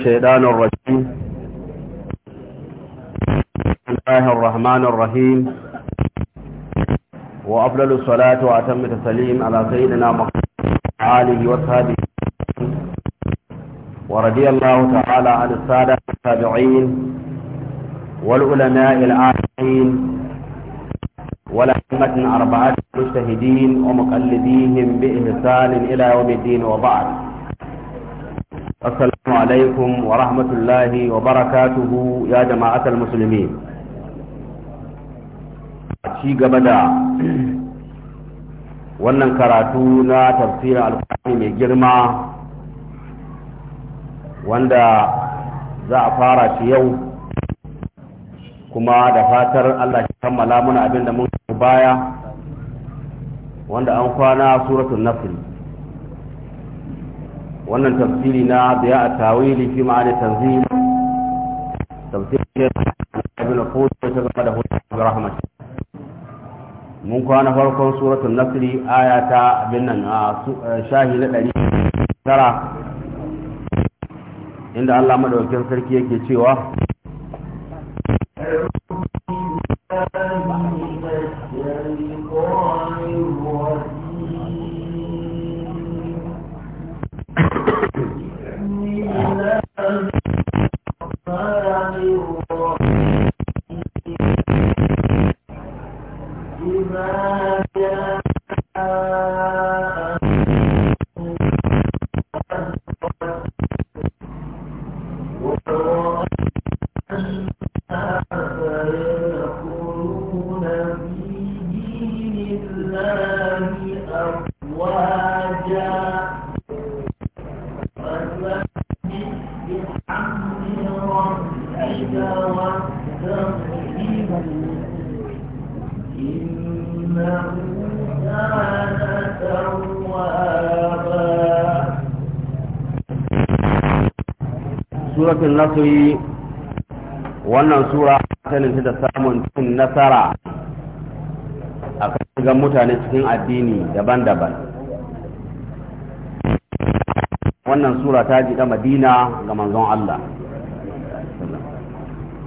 الشيطان الرجيم بسم الله الرحمن الرحيم وأفضل الصلاة وأتم التسليم على سيدنا محمد وآله وصحبه ورضي الله تعالى عن السادة التابعين والعلماء العاملين ولحمة أربعة مجتهدين ومقلديهم بإحسان إلى يوم الدين وبعد السلام عليكم ورحمة الله وبركاته يا جماعة المسلمين شي قبدا wannan karatu na tafsirin alkurani mai girma wanda za a fara shi yau kuma da fatar Allah shi kammala mana abin da mun baya wanda an kwana suratun nasr wannan tafsiri na biya a tawili fi ma'ana tanzil tafsiri ibn qud ta gaba da hudu rahmat mun kwana farkon suratul nasri aya ta abin nan shahi na 109 inda Allah madaukakin sarki yake cewa su yi wannan sura ta nufi da samun cin nasara a kan mutane cikin addini daban-daban wannan sura ta jiɗa madina ga manzon Allah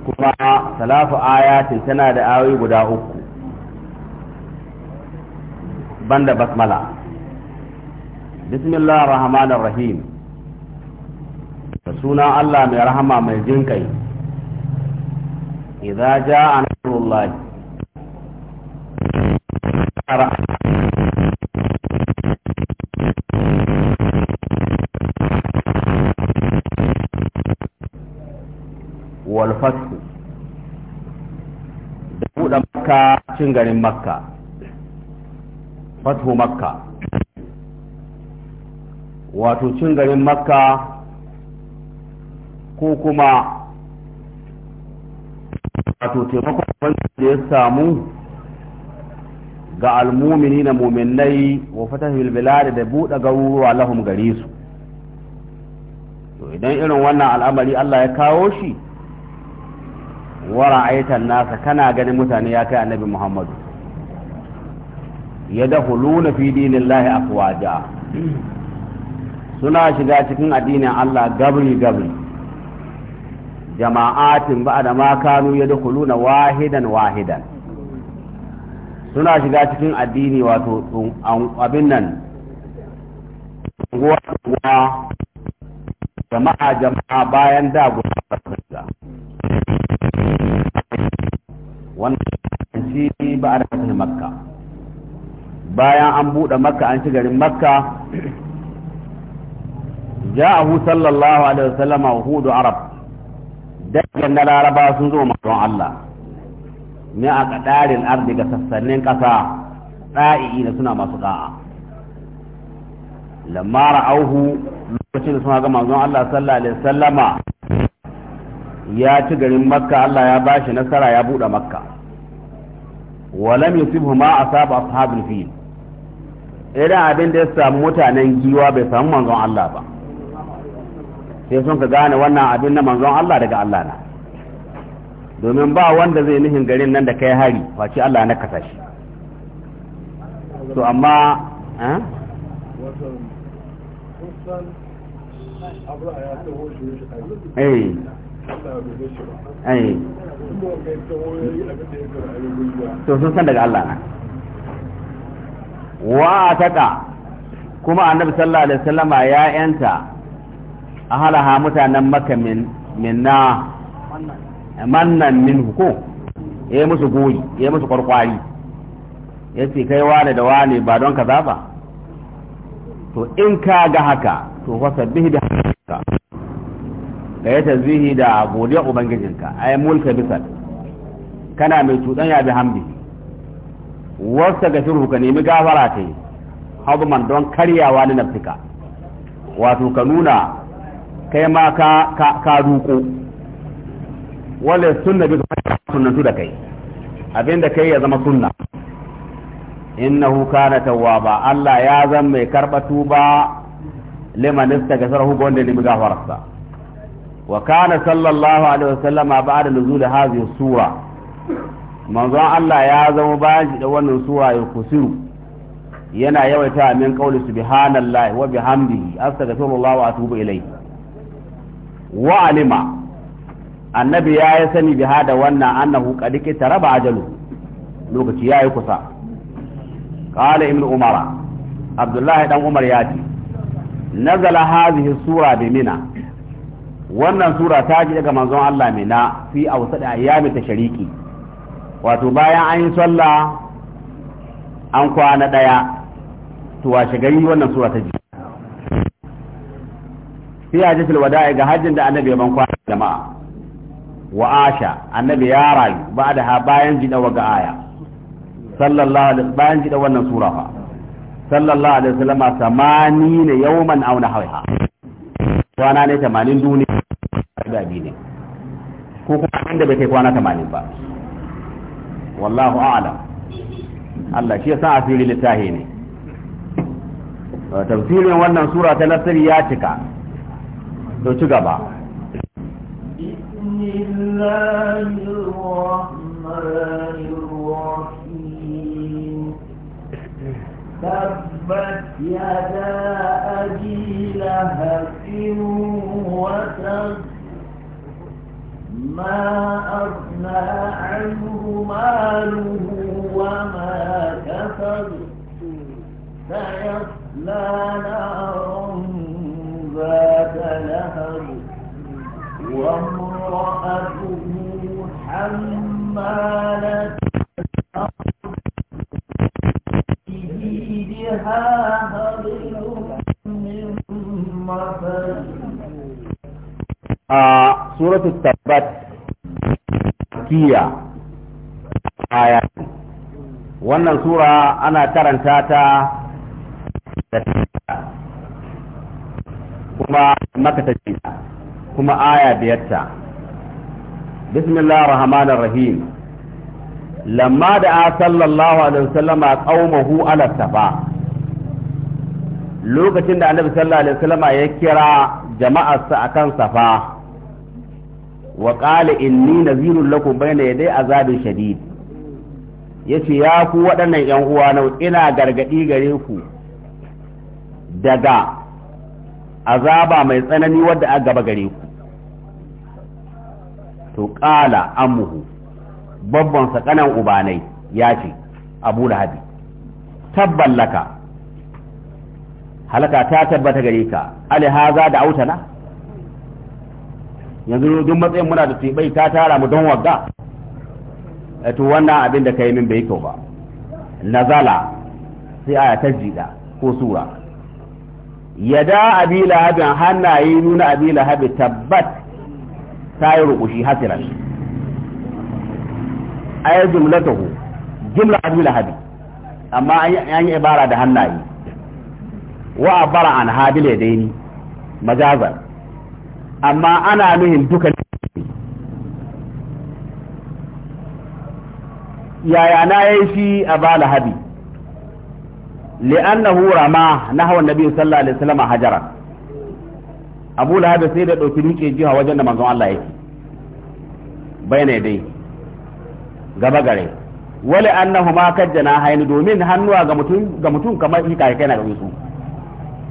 kuma salafu ayatin tana da ayoyi guda uku banda basmala bismillah rahmanir rahim da suna Allah mai rahama mai jin kai idza jaa nasrullah wal fath da buɗe makka cin garin makka fatu makka wato cin garin makka ko kuma wato taimakon wanda ya samu ga almumini na muminai wa fatahil da buɗe garuruwa lahum gare su idan irin wannan al'amari Allah ya kawo shi wara ra'aitan nasa kana ganin mutane ya kai annabi Muhammadu ya luna fi dinillahi afwaja suna shiga cikin addinin Allah gabri gabri jama'atin ba da ma kanu ya dukuluna wahidan wahidan suna shiga cikin addini wato abin nan guwa jama'a jama'a bayan da guda wannan shi ba a da makka bayan an buɗe makka an ci garin makka ja'ahu sallallahu alaihi wasallama hudu arab dangin na laraba sun zo mazan Allah ne a kadarin ardi ga sassanin kasa ɗa'i'i na suna masu ɗa'a lamma ra'auhu lokacin da suna ga manzon Allah sallallahu alaihi wasallama ya ci garin makka Allah ya bashi nasara ya buɗe makka walam yusibhu ma asaba ashabul fil idan abin da ya samu mutanen giwa bai samu manzon Allah ba sai sun ka gane wannan abin na manzon Allah daga Allah na domin ba wanda zai nihin garin nan da kai hari face Allah na kasa shi to amma eh ai eh. eh. to sun san daga Allah na wa taka kuma annabi sallallahu alaihi wasallama ya yanta ha mutanen maka minna mannan min ko ya yi musu goyi ya yi musu kwarkwari ya ce kai wane da wane ba don kaza ba to in ka ga haka to wasa bihi da haka da ya tasbihi da godiya ubangijinka ai mulka bisal kana mai ya bi hamdi wasa ga shirhu ka nemi gafara ta yi hazuman don karyawa na naftika wato ka nuna kai ma ka ka ka ruko wala sunna bi sunnatu da kai abinda kai ya zama sunna innahu kana tawwaba Allah ya zama mai karba tuba liman istaghfarahu ga wanda ne gafararsa wa kana sallallahu alaihi wasallam ba'da nuzul hadhihi sura manzon Allah ya zama bayan da wannan sura ya kusiru yana yawaita min qauli subhanallahi wa bihamdihi astaghfirullah wa atubu ilayhi Wa'alima annabi ya yi sani bi da wannan annahu qad raba ajalu lokaci yi kusa umara abdullahi dan umar ya ce nazala sura bi mina wannan sura ta ji daga manzon Allah mina fi awsadi ayyami tashriki wato bayan an yi sallah an kwana daya to washe gari wannan sura ta ji fi a wada'i ga hajjin da annabi ya ban kwana jama'a wa asha annabi ya rayu ba da ha bayan jida wa ga aya sallallahu alaihi bayan jida wannan sura fa sallallahu alaihi wasallam samani ne yawman kwana ne 80 duniya da bi ko kuma an da bai kai kwana tamanin ba wallahu a'lam Allah shi yasa asiri littahi ne tafsirin wannan sura ta nasiri ya cika to ci gaba تبت يدا أبي لهب وتب ما أغنى عنه ماله وما كسب سيصلى نارا وامرأته حمالة بيدها حبل من سورة wannan sura ana karanta ta kuma maka kuma aya biyarta bismillahir rahman rahim lamma da sallallahu alaihi wasallama qaumahu ala safa lokacin da annabi sallallahu alaihi wasallama ya kira jama'arsa akan safa wa qala inni nazirun lakum bayna yaday azabin shadid yace ya ku waɗannan yan uwa na ina gargadi gare ku daga azaba mai tsanani wadda a gaba gare ku to ƙala amuhu babban sakanan ubanai ya ce abu lahabi tabbalaka halaka ta tabbata gare ka alihaza da autana yanzu duk matsayin muna da tebai ta tara mu don wagga eh, to wannan abin da ka yi min bai kyau ba nazala sai aya ta jida ko sura yada abila lahabin hannaye nuna abila lahabi tabbat ta yi rukushi hasiran ayar jumlatahu jumla abu lahabi amma an yi ibara da hannaye wa abara an habile daini majazar amma ana nuhin duka yaya na yi shi a ba lahabi li'annahu rama nahwa nabi sallallahu alaihi wasallam hajara abu lahabi sai da ɗauki rike jiha wajen da manzon Allah yake bayanai dai gaba gare wale annahu ma kajjana haini domin hannuwa ga mutum ga mutum kamar shi kai kai na ga su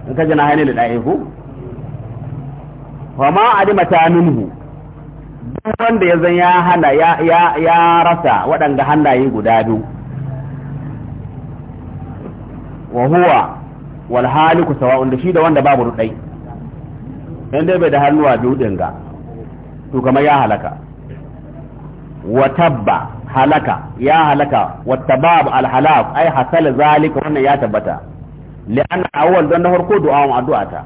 in kajjana haini da dai ko wa ma adima ta minhu duk wanda ya zan ya hana ya ya ya rasa waɗanda hannaye guda biyu wa huwa wal haliku sawa'un da shi da wanda babu rudai in dai bai da hannuwa biyu din ga to kamar ya halaka wa tabba halaka ya halaka wa tabab al halak ai hasal zalika wannan ya tabbata li'anna awwal dan na farko du'a wa addu'ata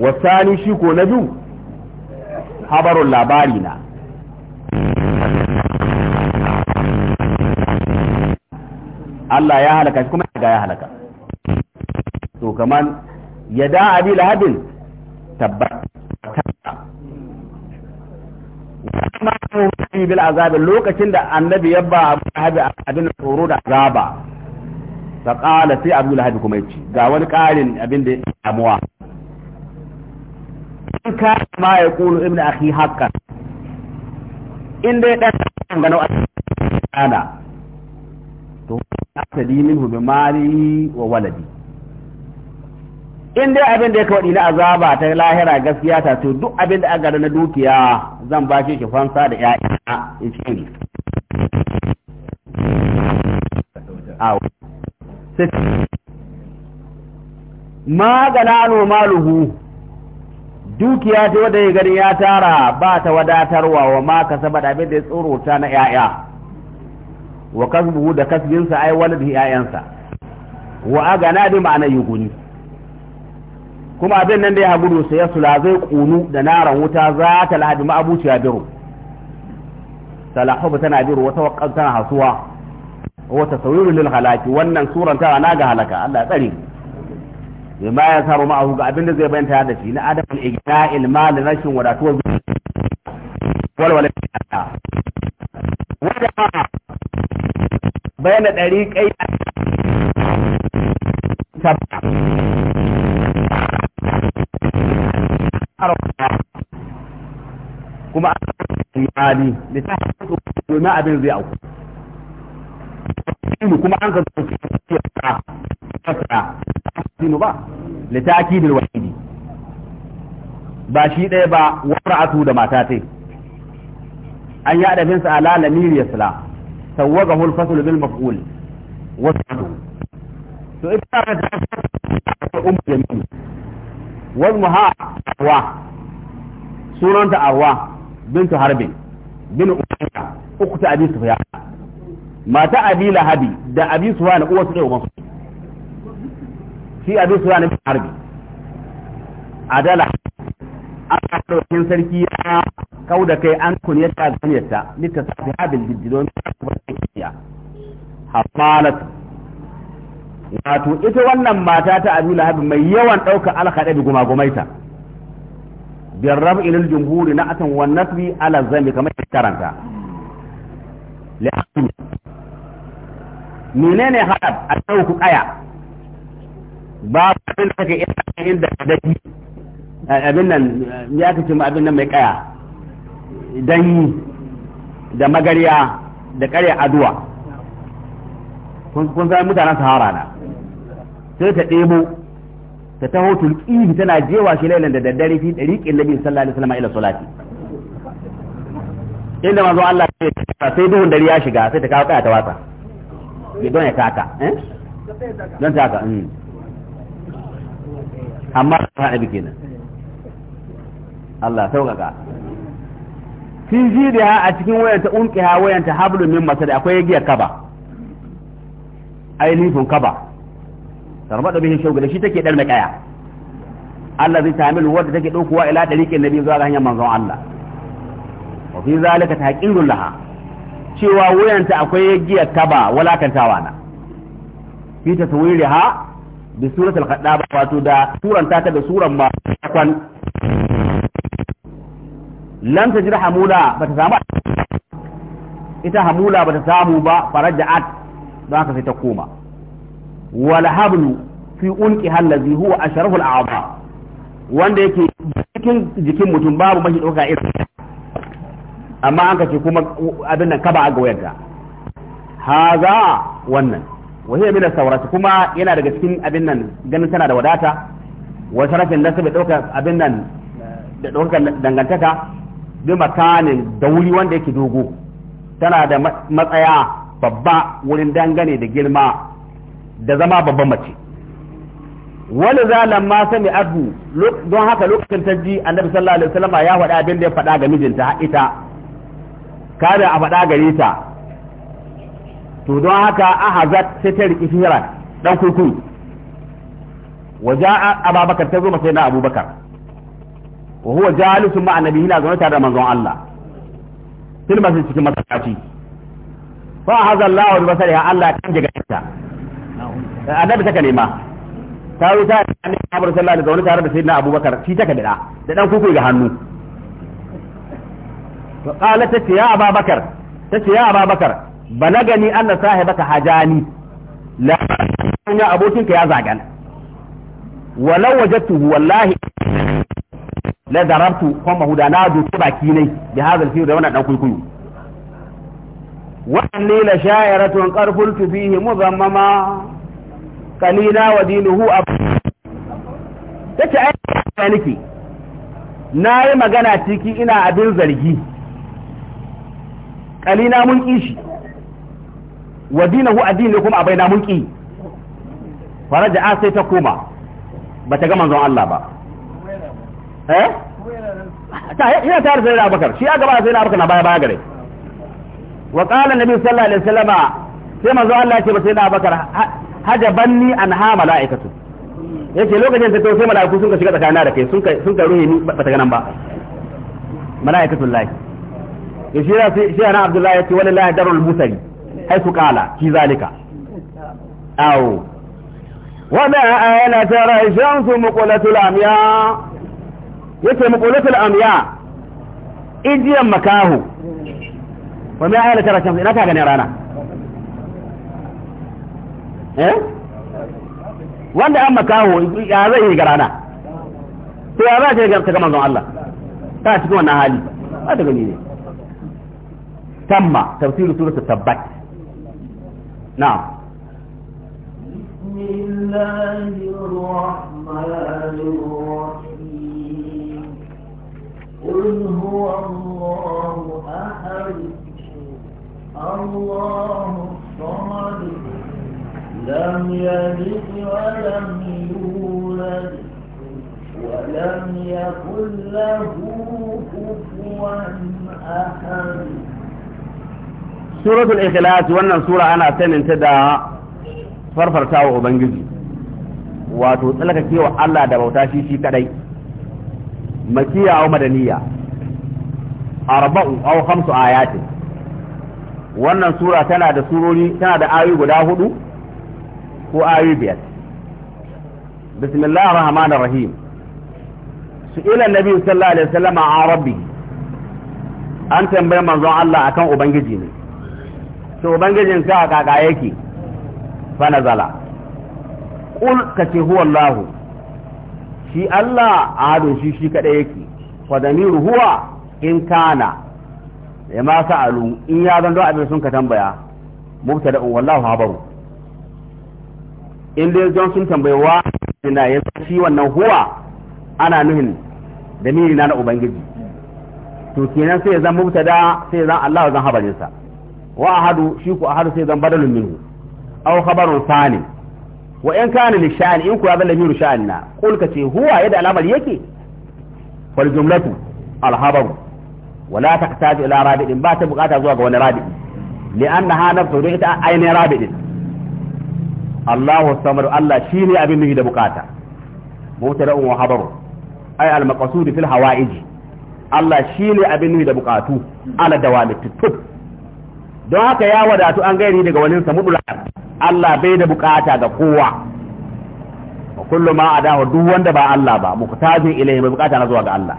wa sani shi ko na biyu habarul labari na Allah ya halaka kuma ya halaka to kaman ya da abi lahabin tabbata bil azabi lokacin da annabi ya ba abu habi abin tsoro da azaba ta kala sai abu lahabi kuma yace ga wani karin abin da ya damuwa in ka ma ya kulu ibnu akhi haqqan in dai dan gano ana to asali minhu bi mali wa waladi in dai abin da ya kawo na azaba ta lahira gaskiya ta to duk abin da aka na dukiya zan ba shi fansa da ya'ya in ce ni ma ganano maluhu dukiya ta wadda ya gani ya tara ba ta wadatarwa wa ma ka saba da abin da ya tsorota na ya'ya wa kasbuhu da kasbinsa ai wani da ya'yansa wa agana bi ma'ana yuguni kuma abin nan da ya gudu sai ya sula zai kunu da naran wuta za ta lahadi ma'abuciya biro talahubu tana biro wata wakkal tana hasuwa wata sawiru lil halaki wannan suran tana na ga halaka Allah ya tsare bai ma ya saro ma'ahu ga abin da zai bayanta da shi na adabul igna ilmal rashin wadatuwar walwala wanda bayana ɗari kai kuma imani da ta haɗu domin abin zai auku kuma an ka zo cikin fasara dinu ba litakidil wahidi ba shi ɗaya ba atu da mata tai an yi adabin ala lamir yasla sawwaga hul fasl bil maf'ul wasatu to ita ta ta ummu jamil wal muha wa sunanta arwa بنت حرب بن umayya ukhta abi سفيان mata abi lahabi da abi sufyan uwa su dai uban su shi سفيان بن حرب harbi adala من dokin sarki ya kauda kai an kunyata ganiyarta lita safi wato ita wannan mata ta abu lahabi mai yawan ɗaukar da guma gumaita Garrabin ililjimurri na a san wannan suyi ala zan bai kamata ya taranta. Menene halar a dawo ku kaya? Babu abin dafa ke irin inda dadi, abin nan, n'ya ke cim abin nan mai kaya. Dangi, da magarya, da karya aduwa. Kun sami mutanen sahara da. Sai ta debo. ta taho tulqihi tana jewa shi lailan da daddare fi dariqin nabi sallallahu alaihi wasallam ila salati inda manzo Allah ya sai duhun dare ya shiga sai ta kawo kaya ta wata ya don ya taka eh don taka hmm. amma ta nabi kenan Allah sauƙaƙa fi da a cikin wayanta unkiha wayanta hablun min masar akwai giyar kaba ainihin kaba tarbada bihi shauga da shi take dar na kaya Allah zai tamilu wanda take dokuwa ila daliqin nabi zuwa ga hanyar manzon Allah wa fi zalika taqirul laha cewa wayanta akwai giyar taba walakantawa na fi taswiriha bi suratul qadaba wato da suran ta da suran ma kwan lam tajra hamula bata samu ita hamula bata samu ba faraja'at ba ka sai ta koma wal hablu fi ulqi allazi huwa asharaful a'dha wanda yake cikin jikin mutum babu mashi dauka irin amma an kace kuma abin nan kaba ga wayarka haza wannan wa hiya min as kuma yana daga cikin abin nan ganin tana da wadata wa sharafin nasabi dauka abin nan da dauka dangantaka bi makanin da wuri wanda yake dogo tana da matsaya babba wurin dangane da girma da zama babban mace wani zalan ma sami abu don haka lokacin ta ji annabi sallallahu alaihi wasallama ya faɗa abin da ya faɗa ga mijinta ita kada a faɗa gare ta to don haka ahazat sai ta riki hira dan kurkuru waja ababakar ta zo masa na abubakar wa huwa jalisun ma annabi yana zaune tare da manzon Allah fil masjid cikin masallaci fa hazallahu bi basariha Allah kan jiga ta annabi take nema ta yi ta annabi Muhammad sallallahu da zaune tare da na Abubakar shi take da da dan kuku ga hannu to qala ta ce ya Abubakar ta ce ya Abubakar balagani anna sahibaka hajani la ya abokinka ya zagan walau wajadtuhu wallahi la darabtu kuma huda na duki baki ne da hazal fi da wannan dan kuku wa annila sha'iratun qarfultu fihi muzammama qalila wa dinuhu ab tace ai ya nake nayi magana ciki ina abin zargi qalina mun kishi wa dinuhu addini kuma abaina mun ki faraja sai ta koma bata ga manzon Allah ba eh ta yana tare da Abubakar shi ya gaba sai na Abubakar na baya baya gare wa qala nabi sallallahu alaihi wasallama sai manzo Allah ya ce ba sai na Abubakar hajabanni an ha mala'ikatu yace lokacin da sai mala'iku sun ka shiga tsakanin da kai sun ka sun ka ruhi ni ba ta ganan ba mala'ikatu lahi yace sai sai ana abdullahi yace wallahi darul musali haifu qala fi zalika aw wada ayana tara shamsu muqlatul amya yace muqlatul amya idiyan makahu wa ma ayana tara shamsu ina ka ganin rana Eh? wanda an makaho ya zai yi garana to ya za ta yi ga manzon Allah ta cikin wannan hali ba ta gani ne tamma tafsirin surata tabbat na'am بسم الله huwa الرحيم قل هو الله لم يلد ولم يولد ولم يكن له كفوا أحد سورة الإخلاص وأن سورة أنا سنة تدعى فرفر تاو أبنجزي wato tsalaka kewa Allah da bauta shi shi kadai makiya au madaniya arba'u au khamsu ayatin wannan sura tana da surori tana da ayoyi guda huɗu? ko ayu biyar bismillahir rahmanir rahim su'ila nabi sallallahu alaihi wasallam a rabbi an tambaye manzon Allah akan ubangiji ne to ubangijin sa kaka yake fa nazala qul kace huwa Allah shi Allah adon shi shi kada yake fa damiru huwa in kana ya ma sa'alu in ya zan don abin sun ka tambaya mubtada'un wallahu habaru in dai don sun tambayi wa na ya shi wannan huwa ana nuhin da mirina na ubangiji to kenan sai ya zan mubtada sai ya zan Allah zan habarin sa wa ahadu shi ku ahadu sai zan badalun minhu aw khabarun sani wa in kana li sha'an in ku ya zan lamiru sha'an na qul ce huwa yadda alamar yake fal jumlatu al habaru wala taqtaju ila rabi'in ba ta bukata zuwa ga wani rabi'i li'annaha nafsu da ita ainihin rabi'in Allahu samad Allah shine abin nuhi da bukata mubtada'un wa habaru ay al maqsud fil hawaiji Allah shine abin nuhi da ala don haka ya wadatu an gairi daga wani sa mudula Allah bai da bukata ga kowa wa kullu ma adahu duk wanda ba Allah ba muqtajin ilayhi mai bukata na zuwa ga Allah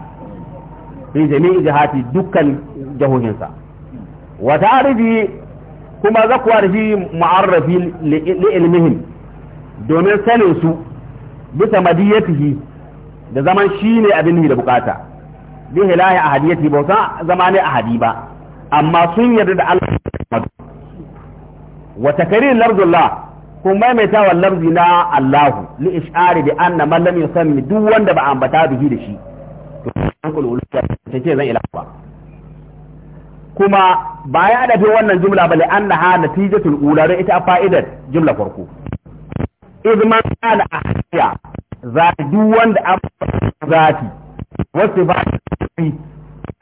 fi jami'i jihati dukkan jahohinsa wa ta'rifi kuma zakuwa da shi mu'arrafi li ilmihim domin sanin su bisa madiyatihi da zaman shi ne abin da bukata bi hilahi ahadiyati ba san zama ne ahadi ba amma sun yarda da Allah wa takrir lafzullah kun maimaita wa lafzi na Allahu li ish'ari bi anna man lam yusammi duk wanda ba ambata bihi da shi to an kullu ta ce zan ila ba kuma ba ya adafin wannan jumla ba bale annaha natijatul ula don ita fa'idar jumla farko izman a ahya za duk wanda an zafi wasu ba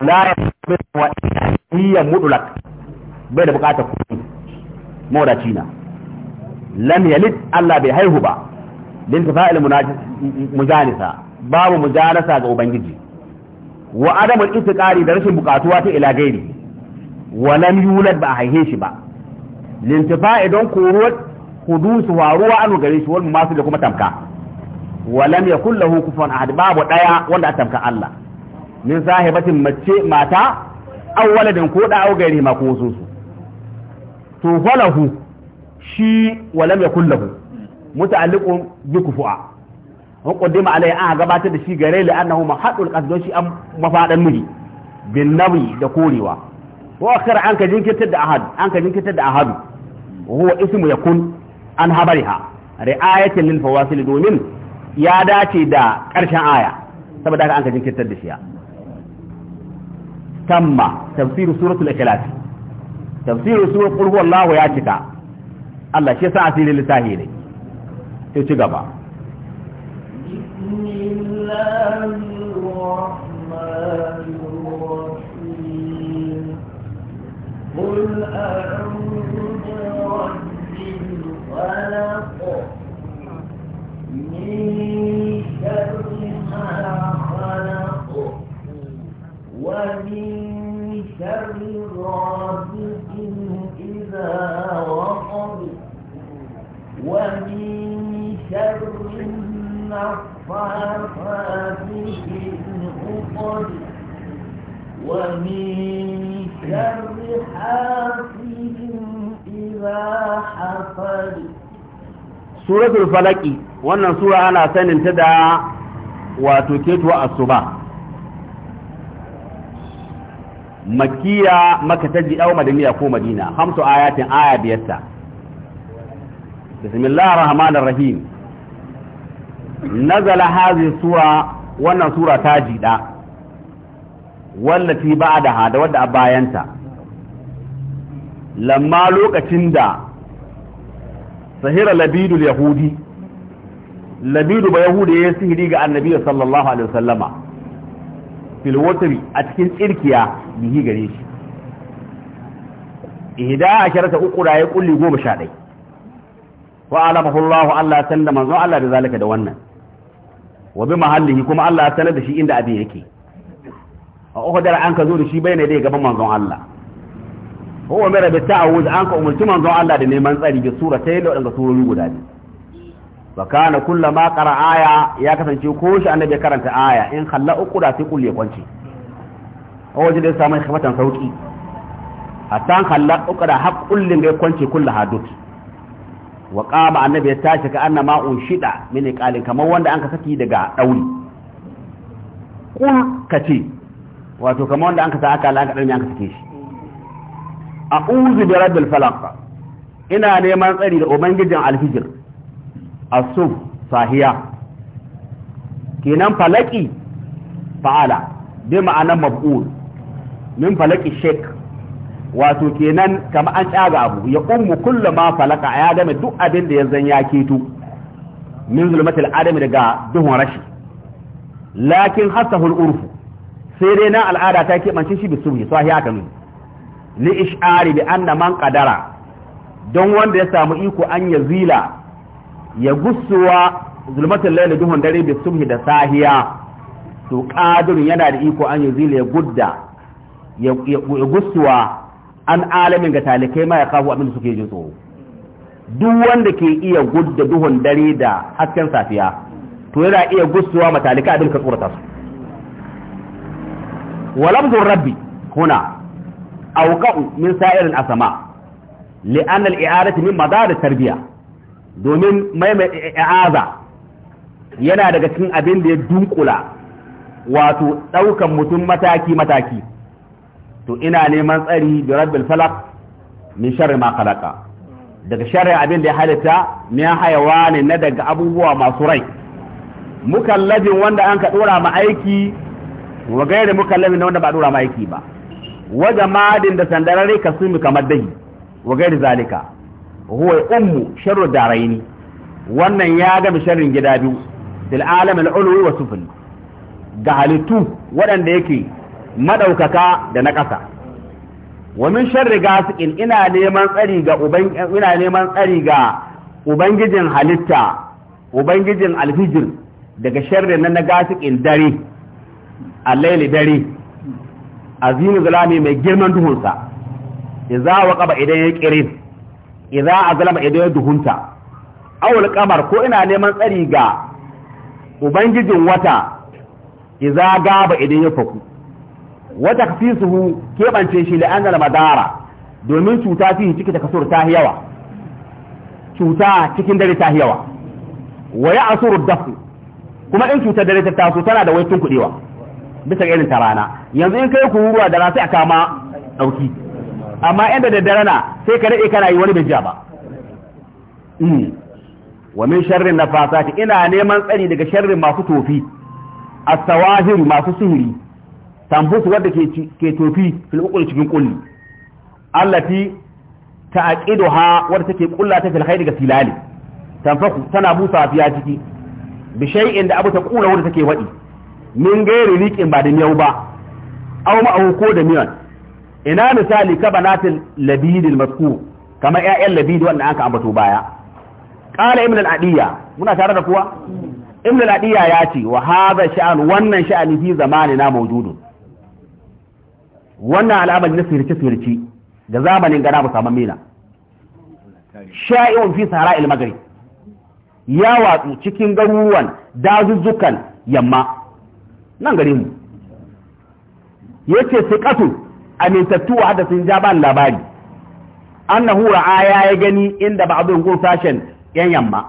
la ya wa iya mudulak bai da bukatar kuɗi mawadaci na lam yalid Allah bai haihu ba lin tafa'il mujanisa babu mujanasa ga ubangiji wa adamul istiqari da rashin bukatuwa ta ila gairi walam yulad ba a haihe shi ba lintifa'i don koruwar hudusu waruwa anu gare shi wal masu da kuma tamka walam yakul lahu kufuwan ahad babu daya wanda a tamka Allah min sahibatin mace mata aw waladin ko da aw gari ma ko su to walahu shi walam yakul lahu muta'alliqun bi kufu'a wa qaddima alai an gabatar da shi gare li annahu mahadul qasd shi an mafadan miji bin da korewa وأخر عنك جنكت أحد عنك جنكت أحد وهو اسم يكون عن خبرها رعاية للفواصل دون يا داتي دا قرشن آية saboda haka an ka jinkirtar da shi ya tamma tafsiru suratul ikhlas tafsiru suratul qul huwallahu ya cika Allah shi yasa asiri lisahi ne to قل أعوذ برب الفلق من شر ما خلق ومن شر غاسق إذا وقب ومن شر النفاثات في العقد ومن شر حاسد إذا حسد سورة الفلق wannan sura ana sanin ta da wato ketuwa asuba makiya maka taji au madaniya ko madina hamsu ayatin aya biyarta bismillahir rahmanir rahim nazala hadhihi sura wannan sura ta jida wallati ba'daha da wadda a bayanta lamma lokacin da sahira labidul yahudi labidu ba yahudi ya sihiri ga annabi sallallahu alaihi wasallama fil wutri a cikin tsirkiya bihi gare shi ihda asharata da ya kulli 11 wa alamahu Allah Allah sallama manzo Allah da zalika da wannan wa bi mahallihi kuma Allah ya sanar da shi inda abin yake a uhudar an ka zo da shi bai ne dai gaban manzon Allah ko wa mera bi ta'awuz an ka umurci manzon Allah da neman tsari bi sura ta yalo daga surori guda ne wa kana kullama qara aya ya kasance ko shi annabi karanta aya in khalla uqura sai kulle kwance. a waje da samu khafatan sauki hatta khalla uqura har kullin ga kwance kullu hadut wa qama annabi ya tashi ka annama unshida mini qalin kamar wanda an ka saki daga dauri kun kace wato kamar wanda an ka sa aka ala aka ɗanya sake shi a uzu da rabbil falaq ina neman tsari da ubangijin alfijir asuf sahiya kenan falaki fa'ala bi ma'anan maf'ul min falaki shek wato kenan kamar an tsaga abu ya ummu kullu ma falaka ya game duk abin da yanzu ya keto min zulmatil adami daga duhun rashi lakin hasahul urfu sai dai na al'ada ta keɓance shi bisuhi sahi aka nuni li ish'ari bi anna man qadara don wanda ya samu iko an ya zila ya gussuwa zulmatul layli duhun dare bi subhi da sahiya to qadirun yana da iko an ya zila ya gudda ya gussuwa an alamin ga talikai ma ya kafu abin da suke jin tsoro duk wanda ke iya gudda duhun dare da hasken safiya to yana iya gussuwa matalika abin ka tsorata su ولفظ الرب هنا أوقع من سائر الأسماء لأن الإعادة maza da tarbiyya domin maimai i'aza yana daga cikin abin da ya dunkula wato ɗaukan mutum mataki-mataki to ina neman tsari da rabbil falak min sharri ma daga sharri abin da ya halitta min hayawa ne na daga abubuwa masu rai mukallabin wanda an ka dora ma aiki wa gairi mukallafin na wanda ba dora aiki ba wa jamadin da sandarare ka kamar dai wa gairi zalika huwa ummu sharru daraini wannan ya gami sharrin gida biyu dil alam al-ulwi wa sufl ga halittu waɗanda yake madaukaka da na ƙasa wa min sharri gasiqin ina neman tsari ga uban ina neman tsari ga ubangijin halitta ubangijin alfijir daga sharri na gasiqin dare A laili dare azinu zulami mai girman duhunsa wa waqaba idan ya kire a azlama idan ya duhunta awul kamar ko ina neman tsari ga ubangijin wata idza gaba idan ya faku wata kafisuhu kebance shi la'anna madara domin cuta fi ciki ta kasur ta yawa cuta cikin dare ta yawa wa ya asuru dafu kuma in cutar dare ta taso tana da waitun kudewa bisa irin ta rana yanzu in kai kururuwa da sai a kama dauki amma inda da dare na sai ka dade kana yi wani bijiya ba hmm. wa min sharrin nafasati ina neman tsari daga sharrin masu tofi as-sawahir masu sihiri tambus wanda ke ke tofi fil uqul cikin kulli allati ta'qiduha wanda take kullata fil khair ga filali tanfaku tana busa fiya ciki bi shay'in da abu ta kula wanda take wadi Mun gairi riƙin ba da miyau ba au ma'ahu ko da miyan ina misali ka banatin labidil masku kamar ƴaƴan labidi wanda aka ambato baya qala ibn al-adiyya muna tare da kuwa ibn al-adiyya ya ce wa hadha sha'an wannan sha'ani fi na mawjudun wannan al'amal na sirce sirce da zamanin gana ba samu mina sha'i'un fi sahara al ya watsu cikin garuruwan dazuzzukan yamma nan gare mu yace siqatu amintattu wa hadasin jaban labari annahu aya ya gani inda ba'dun gun sashen yan yamma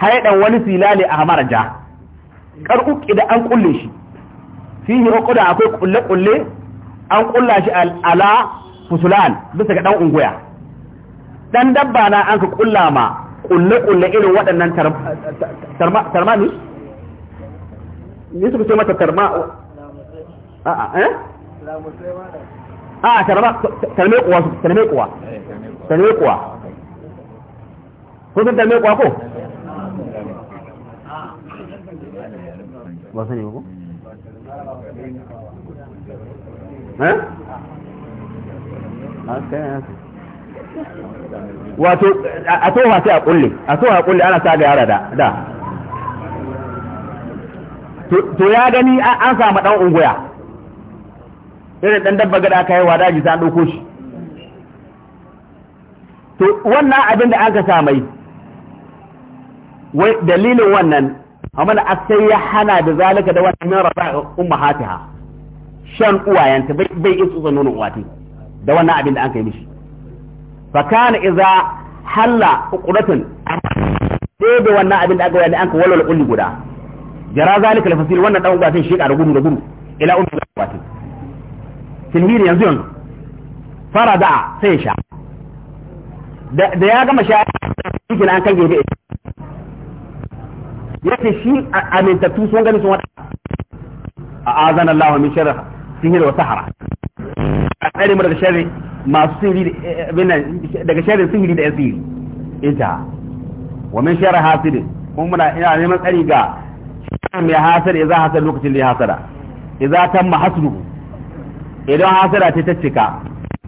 haidan wani filali a kar karuki da an kulle shi fihi da akwai kulle kulle an kulla shi ala fusulan bisa ga dan unguya dan dabba na an ka kulla ma kulle kulle irin waɗannan tarmani ne suka ce mata tarma a a eh a tarma tarme kuwa tarme kuwa tarme kuwa ko san tarme kuwa ko ba sani ko eh wato a towa sai a kulle a towa a kulle ana sa ga yara da da to ya gani an samu dan unguya irin dan dabba gada aka yi wa daji ta ɗauko shi to wannan abin da aka samai wai dalilin wannan amma da asai ya hana da zalika da wannan min rafa ummahatiha shan uwayenta bai bai isu zo nono uwati da wannan abin da an yi mishi fa kana idza halla amma. sai da wannan abin da aka yi an ka walwala kulli guda jara zalika lafasil wannan dan sai shi da gudu da gudu ila ummi wata. tilhiri yanzu yanzu farada sai sha da ya gama sha cikin an kan gefe yake shi amintattu sun gani sun wada azan Allah min sharri sihir wa sahara tsare mu daga sharri masu sihiri eh, daga sharri sihiri da asiri ita wa min sharri hasidin kuma muna ina neman tsari ga mai hasar a hasar lokacin da ya hasara idza tamma hasruhu idan hasara ta cika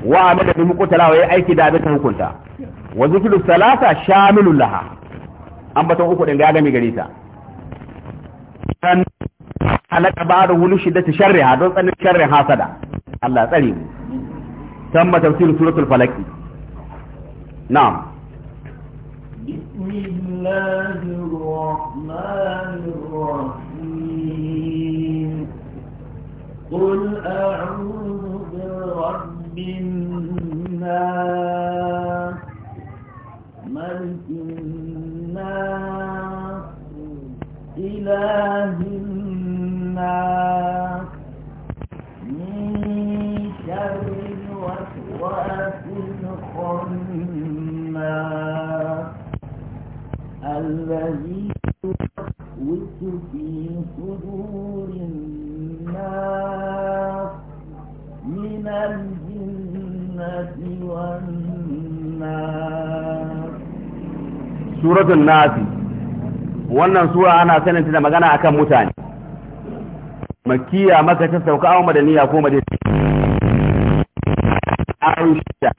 wa amada bi muqtala wa aiki da abin hukunta wa zikru salasa shamilul laha ambaton uku din ga gami garita ta san halaka ba'da wulu shiddati sharriha don tsanin sharrin hasada Allah tsare mu tamma tafsir suratul falaq na'am بسم الله الرحمن الرحيم قل أعوذ برب الناس ملك الناس إله الناس من شر الوسواس الخناس الذي يوسوس في صدور من الجنة والناس سورة الناس wannan sura ana sanin da magana akan mutane makiya maka ta sauka a madaniya ko madaniya aisha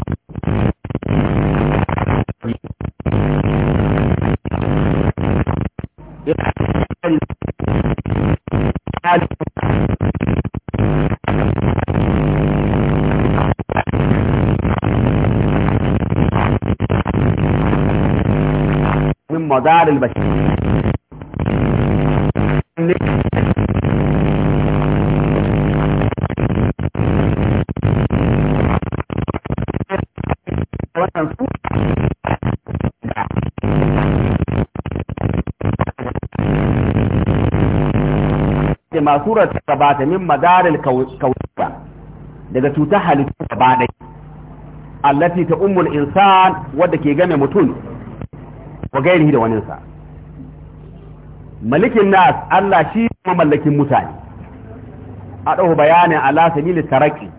البشر للبشر سورة تبات من مدار الكوكب لذا توتحل التي تؤم الإنسان ودكي جمع متونه wa gairihi da waninsa malikin nas Allah shi mallakin mutane a ɗau bayanin ala sabili taraki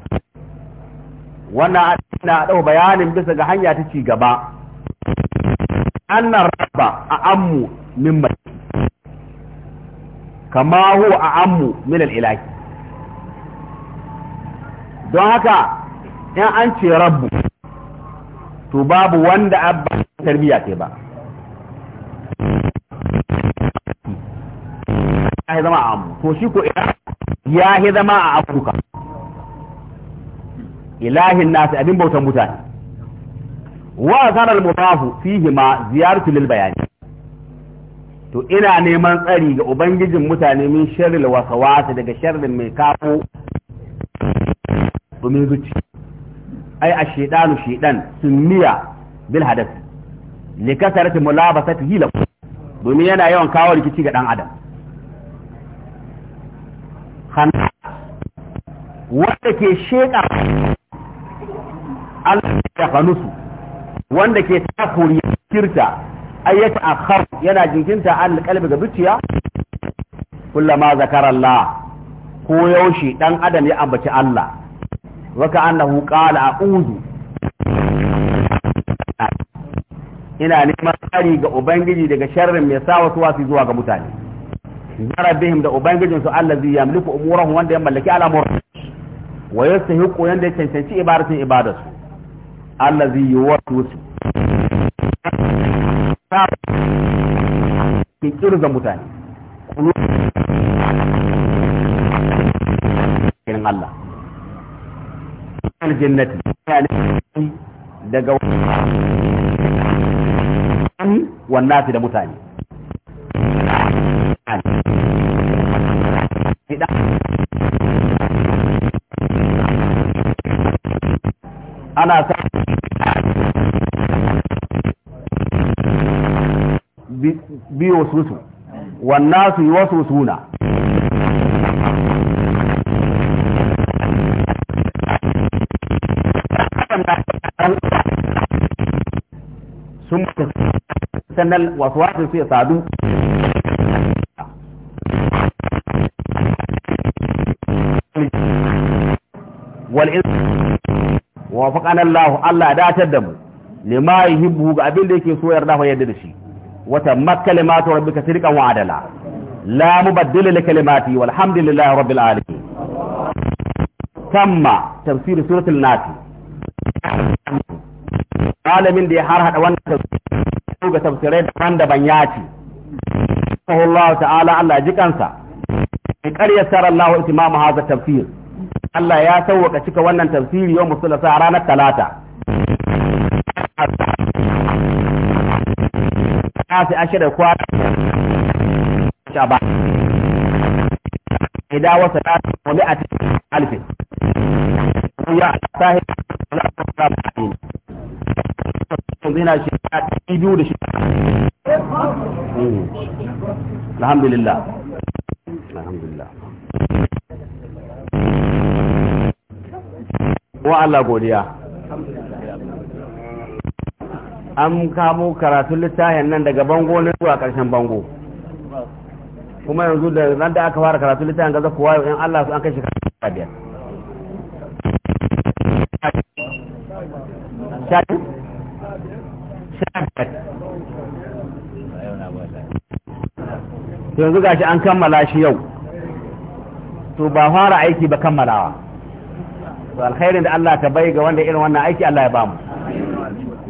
wannan a ɗau bayanin bisa ga hanya ta ci gaba annar rabba a ammu min maliki kama huwa a ammu min al'ilaki don haka in an ce rabbu to babu wanda abba tarbiyya ce ba ya zama a amu to shi ko ya yi zama a afirka ilahin nasu abin bautan mutane wa zanar mutafu fihi ma ziyartu lil bayani to ina neman tsari ga ubangijin mutane min sharril wasawasi daga sharrin mai kafo domin zuci ai a shedanu shedan sunniya bil hadath li kasarati mulabasatihi lahu domin yana yawan kawo rikici ga dan adam hana wanda ke sheƙa Allah ya su wanda ke takuri kirta ayyata akhar yana jinkinta an kalbi ga zuciya kullama zakara Allah ko yaushe dan adam ya ambaci Allah waka annahu qala a'udhu ina neman tsari ga ubangiji daga sharrin mai sa wasu wasu zuwa ga mutane bihim da ubangijin su zai yamliku umurahum wanda ya mallaki al'amuran wa yastahiqu yanda ya cancanci ibadatin ibadarsu allazi yuwatu su ki kirza mutane kirin Allah aljannati daga wani wannan da mutane ana sa biyo susu wannan su wasu suna sun sanar wasu wasu su sadu wa faqana Allah Allah ya datar da mu lima yuhibbu ga abin da yake so yarda fa yadda da shi wa tamakka limatu rabbika sirqan wa adala la mubaddila li kalimati walhamdulillahi rabbil alamin tamma tafsir suratul nafi alamin da ya har hada wannan tafsir ga tafsirai daban daban Allah ta'ala Allah jikansa ya karyar sarar Allah wa itimamu tafsir Allah ya sauwaka cika wannan tafsiri yau musulasa a ranar talata fi ashirar kwana shaba ida wasa ta wani a cikin alfin ya sahih zina shi ta biyu da shi hmm. alhamdulillah alhamdulillah wa Allah godiya an kamo karatun littafin nan daga bango na zuwa ƙarshen bango kuma yanzu da nan da aka fara karatun littafin gaza kuwa, yau in Allah su an kai shekara biyar yanzu gashi an kammala shi yau to ba fara aiki ba kammalawa to alkhairin da Allah ta bai ga wanda irin wannan aiki Allah ya ba mu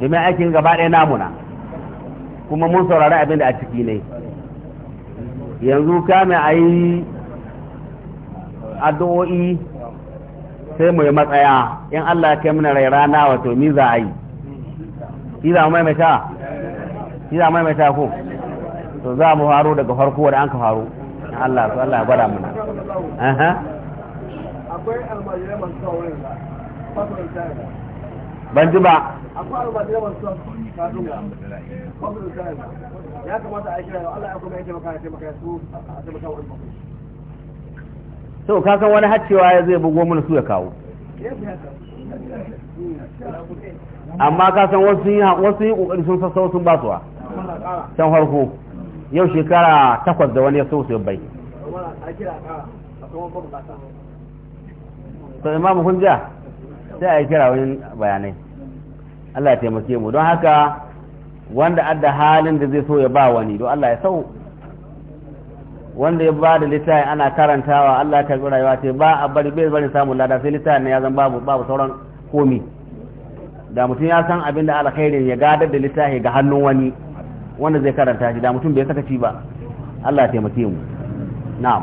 domin aikin gaba ɗaya namuna kuma mun saurari abin da a ciki ne yanzu kame a yi addu'o'i sai mu yi matsaya in Allah ya kai mana rai rana wato mi za a yi shi za mu maimaita shi za mu maimaita ko to za mu faro daga farko da an ka faro Allah su Allah ya gwada mana akwai almajirai masu wurin da da ban ji ba akwai almajirai masu da da ya kamata a kira Allah ya kuma ya taimaka ya taimaka su a taimaka so ka san wani haccewa ya zai bugo mana su ya kawo amma ka san wasu yi wasu yi kokari sun sassa sun suwa can farko yau shekara takwas da wani ya so su bai to kun hujja sai a yi kira wani bayanai Allah ya taimake mu don haka wanda adda halin da zai so ya ba wani don Allah ya sau wanda ya ba da littafi ana karantawa Allah ya karbi rayuwa ce ba a bari bai bari samun lada sai littafin ya zan babu babu sauran komi da mutum ya san abin da alkhairin ya gadar da littafi ga hannun wani wanda zai karanta shi da mutum bai sakaci ba Allah ya taimake mu na'am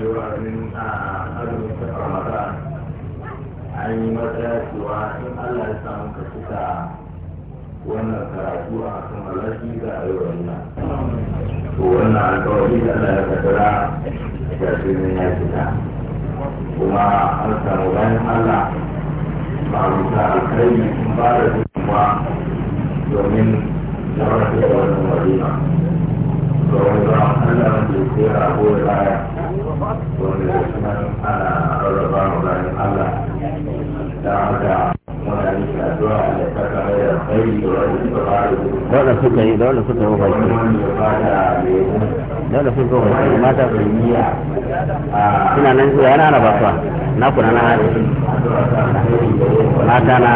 cewar min a azumin ta ramadan an yi mata cewa in allah ya samu ka cika wannan karatu a kammala shi ga a to wannan alkawari da allah ya kaddara ga shirin ya cika kuma an samu bayan allah ma'arusa alkhairi sun ba da kuma domin zama da wannan walima. Domin zama Allah ya kera ko wanda ana da suka yi da suka yi da suka yi baki mata su yi ina nan zuwa yana ba su na kuna na hali mata na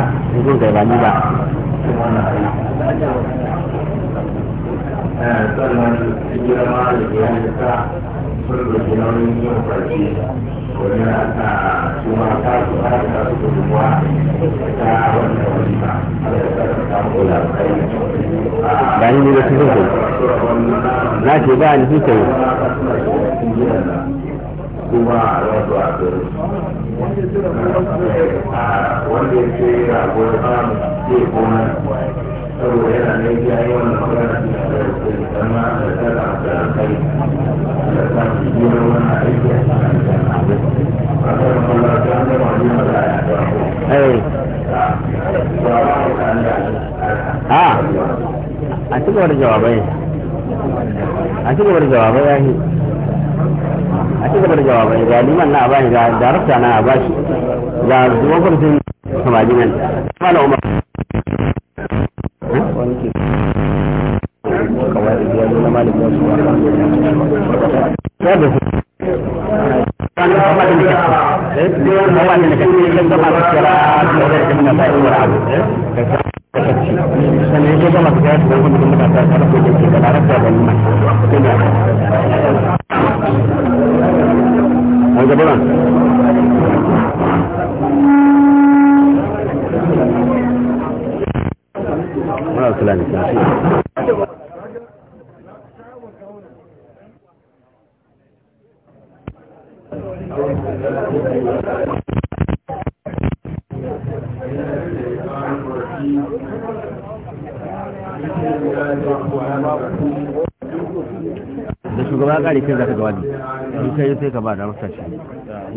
kai ba ni ba eh, sannan girma suka ji nauyin yin farce wani a kuma ta su ba ta su gudunmuwa ta wannan wani ba har da ta samu labarai ba ni ne da su zuwa na ce ba ni su kai kuma a rasu a turu wanda ya ce rago ya ba mu ke gona a cikin wani ci gaba da jawabai a jawabai ya yi a ci gaba da jawabai ga liman na bashi ga darasta na bashi ga zuwa kwamfin samajin nan umar Karena Kita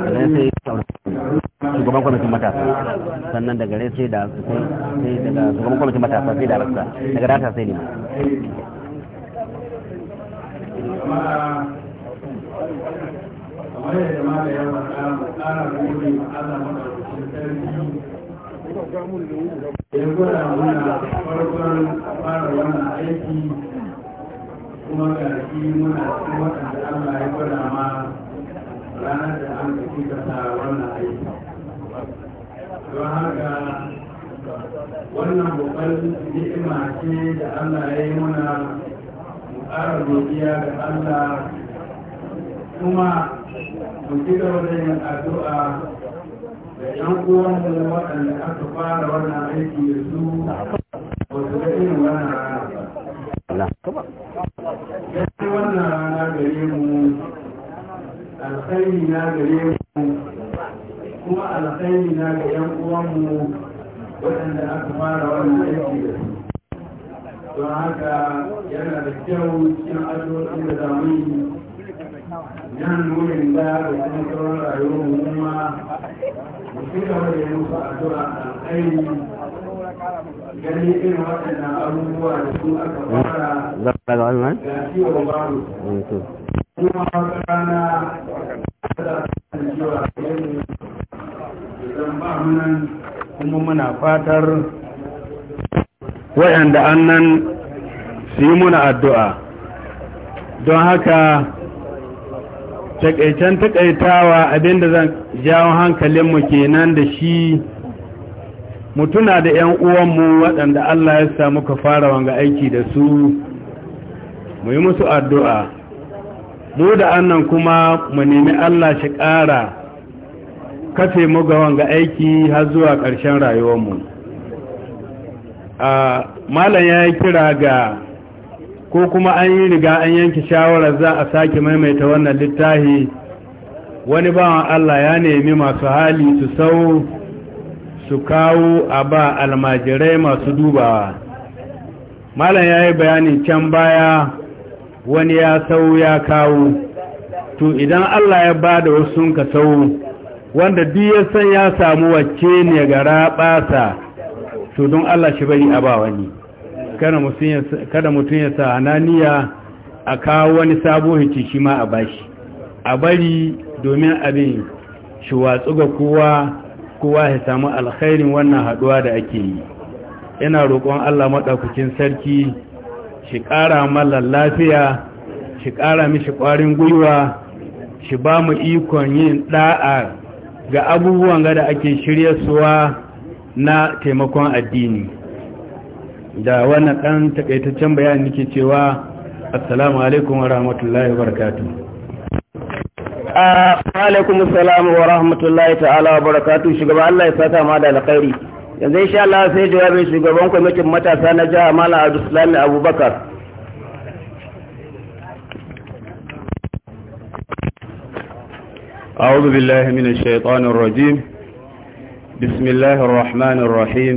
daga sai shugaban kwamitin matasa sannan daga rai sai da sai daga shugaban kwamitin matasa sai da rasa daga rata sai ne kuma ga shi muna cikin waɗanda Allah ya gwada ma ranar da an ka kika sa wannan aiki don haka wannan babban ni'ima ce da Allah ya yi muna mu ƙara godiya ga Allah kuma mu ci gaba da yin addu'a da yan uwanmu waɗanda aka fara wannan aiki da su ba su ga irin wannan rana alkhairi na gare mu kuma alkhairi na ga yan uwanmu waɗanda aka fara wannan aiki da su don haka yana da kyau cikin addu'o'in da zamani yi nan wurin da da kuma sauran rayuwar mu kuma mu ci gaba da yi musu addu'a alkhairi gani irin waɗannan abubuwa da su aka fara ga ciwon babu mm, kuma da nan muna fatar waanda annan su yi muna addu'a don haka takaicen takaitawa abinda zan jawo hankalinmu kenan da shi mutuna da 'yan uwanmu waɗanda Allah ya samu ka fara wanga aiki da su mu yi musu addu'a Mu da annan kuma mu nemi Allah shi ƙara kafe mu ga wanga aiki har zuwa ƙarshen rayuwarmu malam ya yi kira ga ko kuma an yi riga an yanke shawarar za a sake maimaita wannan littahi wani bawan Allah ya nemi masu hali su sau su kawo a ba almajirai masu dubawa malam ya yi bayani can baya wani ya sau ya kawo to idan Allah ya ba da wasu ka sau wanda duk ya san ya samu wacce ne ga rabasa to don Allah shi bari a ba wani kada mutum ya sa ananiya a kawo wani sabon hici shi ma a bashi a bari domin abin shi watsu ga kowa kowa ya samu alkhairin wannan haduwa da ake yi ina roƙon Allah maɗaukakin sarki shi ƙara mana lafiya shi ƙara mishi ƙwarin gwiwa shi ba mu ikon yin ɗa'a ga abubuwan gada ake shirya suwa na taimakon addini da wannan ɗan taƙaitaccen bayani nike cewa assalamu alaikum wa rahmatullahi wa barakatuh alaikum salamu wa rahmatullahi ta'ala wa barakatuh shugaba Allah ya saka ma da alkhairi yanzu insha Allah sai jawabin shugaban kwamitin matasa na jiha mala Abdulsalami Abubakar أعوذ بالله من الشيطان الرجيم بسم الله الرحمن الرحيم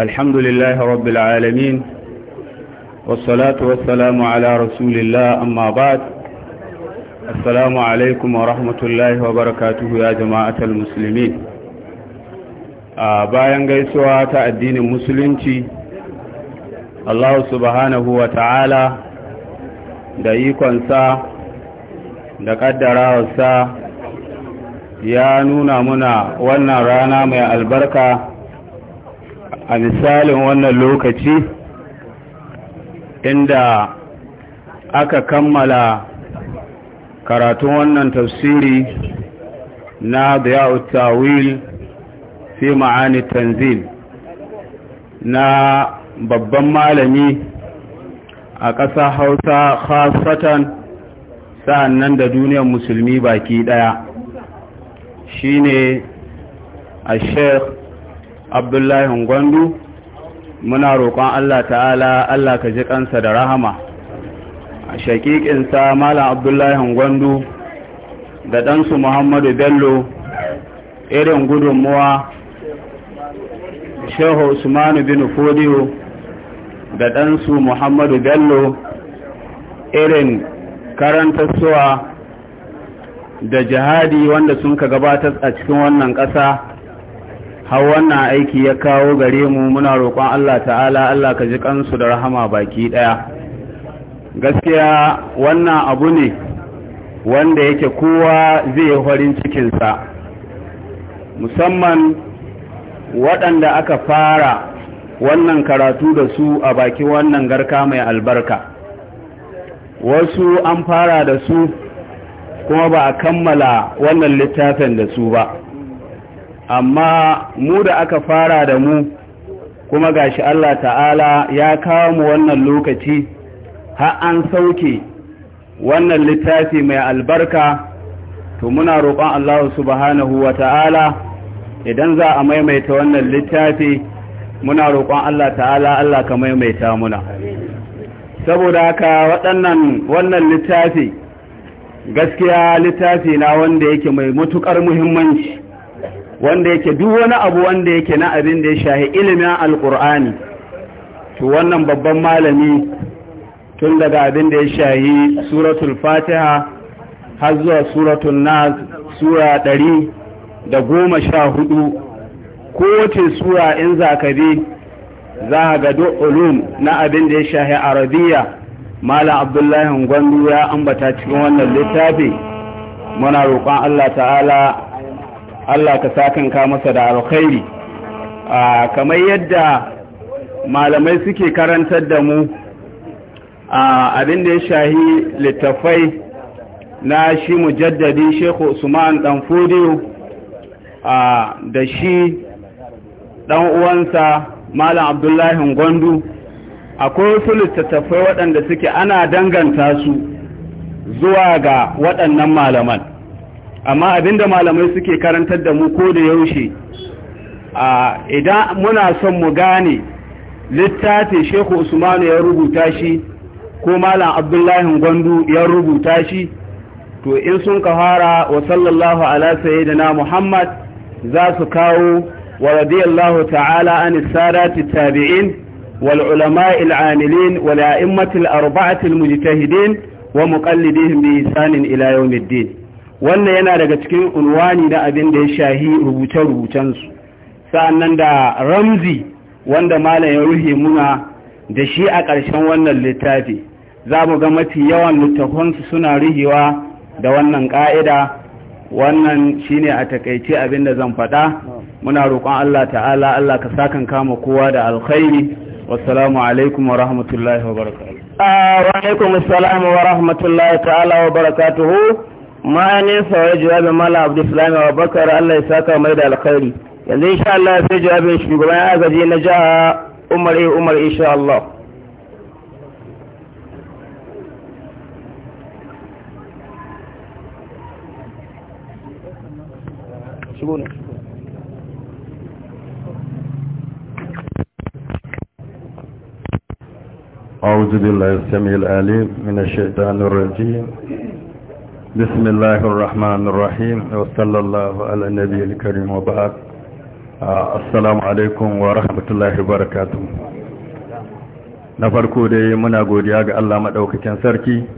الحمد لله رب العالمين والصلاة والسلام على رسول الله أما بعد السلام عليكم ورحمة الله وبركاته يا جماعة المسلمين a bayan gaisuwa ta addinin musulunci Allah subhanahu wa ta'ala da ikonsa da ƙaddarawarsa ya nuna muna wannan rana mai albarka a misalin wannan lokaci inda aka kammala karatun wannan tafsiri na da tawil fi ma'ani tanzil na babban malami a ƙasa hausa khasatan sa'annan da duniyar musulmi baki ɗaya shine a sheikh abdullahi gwandu muna roƙon allah ta'ala allah ka ji ƙansa da rahama a shaƙiƙinsa malam abdullahi gwandu da ɗansu muhammadu bello irin gudunmuwa shehu usmanu bin fodiyo da ɗansu muhammadu bello irin karantarsuwa da jihadi wanda sun ka gabatar a cikin wannan ƙasa har wannan aiki ya kawo gare mu muna roƙon Allah ta'ala Allah ka ji kansu da rahama baki ɗaya gaskiya wannan abu ne wanda yake kowa zai yi farin cikinsa musamman waɗanda aka fara wannan karatu da su a baki wannan garka mai albarka wasu an fara da su kuma ba a kammala wannan littafin da su ba amma mu da aka fara da mu kuma gashi Allah ta'ala ya kawo mu wannan lokaci har an sauke wannan littafi mai albarka to muna roƙon Allah subhanahu wa ta'ala idan za a maimaita wannan littafi muna roƙon Allah ta'ala Allah ka maimaita muna saboda haka waɗannan wannan littafi gaskiya littafi na wanda yake mai matuƙar muhimmanci wanda yake duk wani abu wanda yake na abin da ya shahi ilimin alkur'ani to wannan babban malami tun daga abin da ya shahi suratul fatiha har zuwa suratul nas sura 100. da goma sha hudu kowace sura in zakari za a ga ulum na abin da ya shahi arabiya mala abdullahi gwandu ya ambata cikin wannan littafi muna roƙon allah ta'ala allah ka kan ka masa da alkhairi kamar yadda malamai suke karantar da mu abin da ya shahi littafai na shi mujaddadi shekhu usman dan a da shi ɗan uwansa malam abdullahi gwandu akwai wasu littattafai waɗanda suke ana danganta su zuwa ga waɗannan malaman amma abinda malamai suke karantar da mu ko da yaushe a idan muna son mu gane littafi shekhu usmanu ya rubuta shi ko malam abdullahi gwandu ya rubuta shi to in sun ka wa sallallahu ala sayyidina muhammad za su kawo wa radiyallahu ta'ala an sadati tabi'in wal ulama al'amilin wal a'immat al al-mujtahidin wa muqallidihim bi sanin ila yawmiddin wannan yana daga cikin unwani na abin da ya shahi rubuce-rubucen su sa'annan da ramzi wanda malam ya ruhe muna da shi a ƙarshen wannan littafi za mu ga mafi yawan littafansu suna rihewa da wannan ƙa'ida wannan shine a takaice abin da zan faɗa muna roƙon Allah ta'ala Allah ka sakan kama kowa da alkhairi wassalamu alaikum wa rahmatullahi wa barakatuh ah, wa alaikum assalam wa rahmatullahi ta'ala wa barakatuhu ma ne sai jawabin mala abdulsalam Allah ya saka mai da alkhairi yanzu insha Allah sai jawabin shugaban agaji na jiha Umar Umar insha Allah shigo ne أعوذ بالله السميع العليم من الشيطان الرجيم بسم الله الرحمن الرحيم وصلى الله على النبي الكريم وبعد السلام عليكم ورحمة الله وبركاته na farko dai muna godiya ga Allah maɗaukakin sarki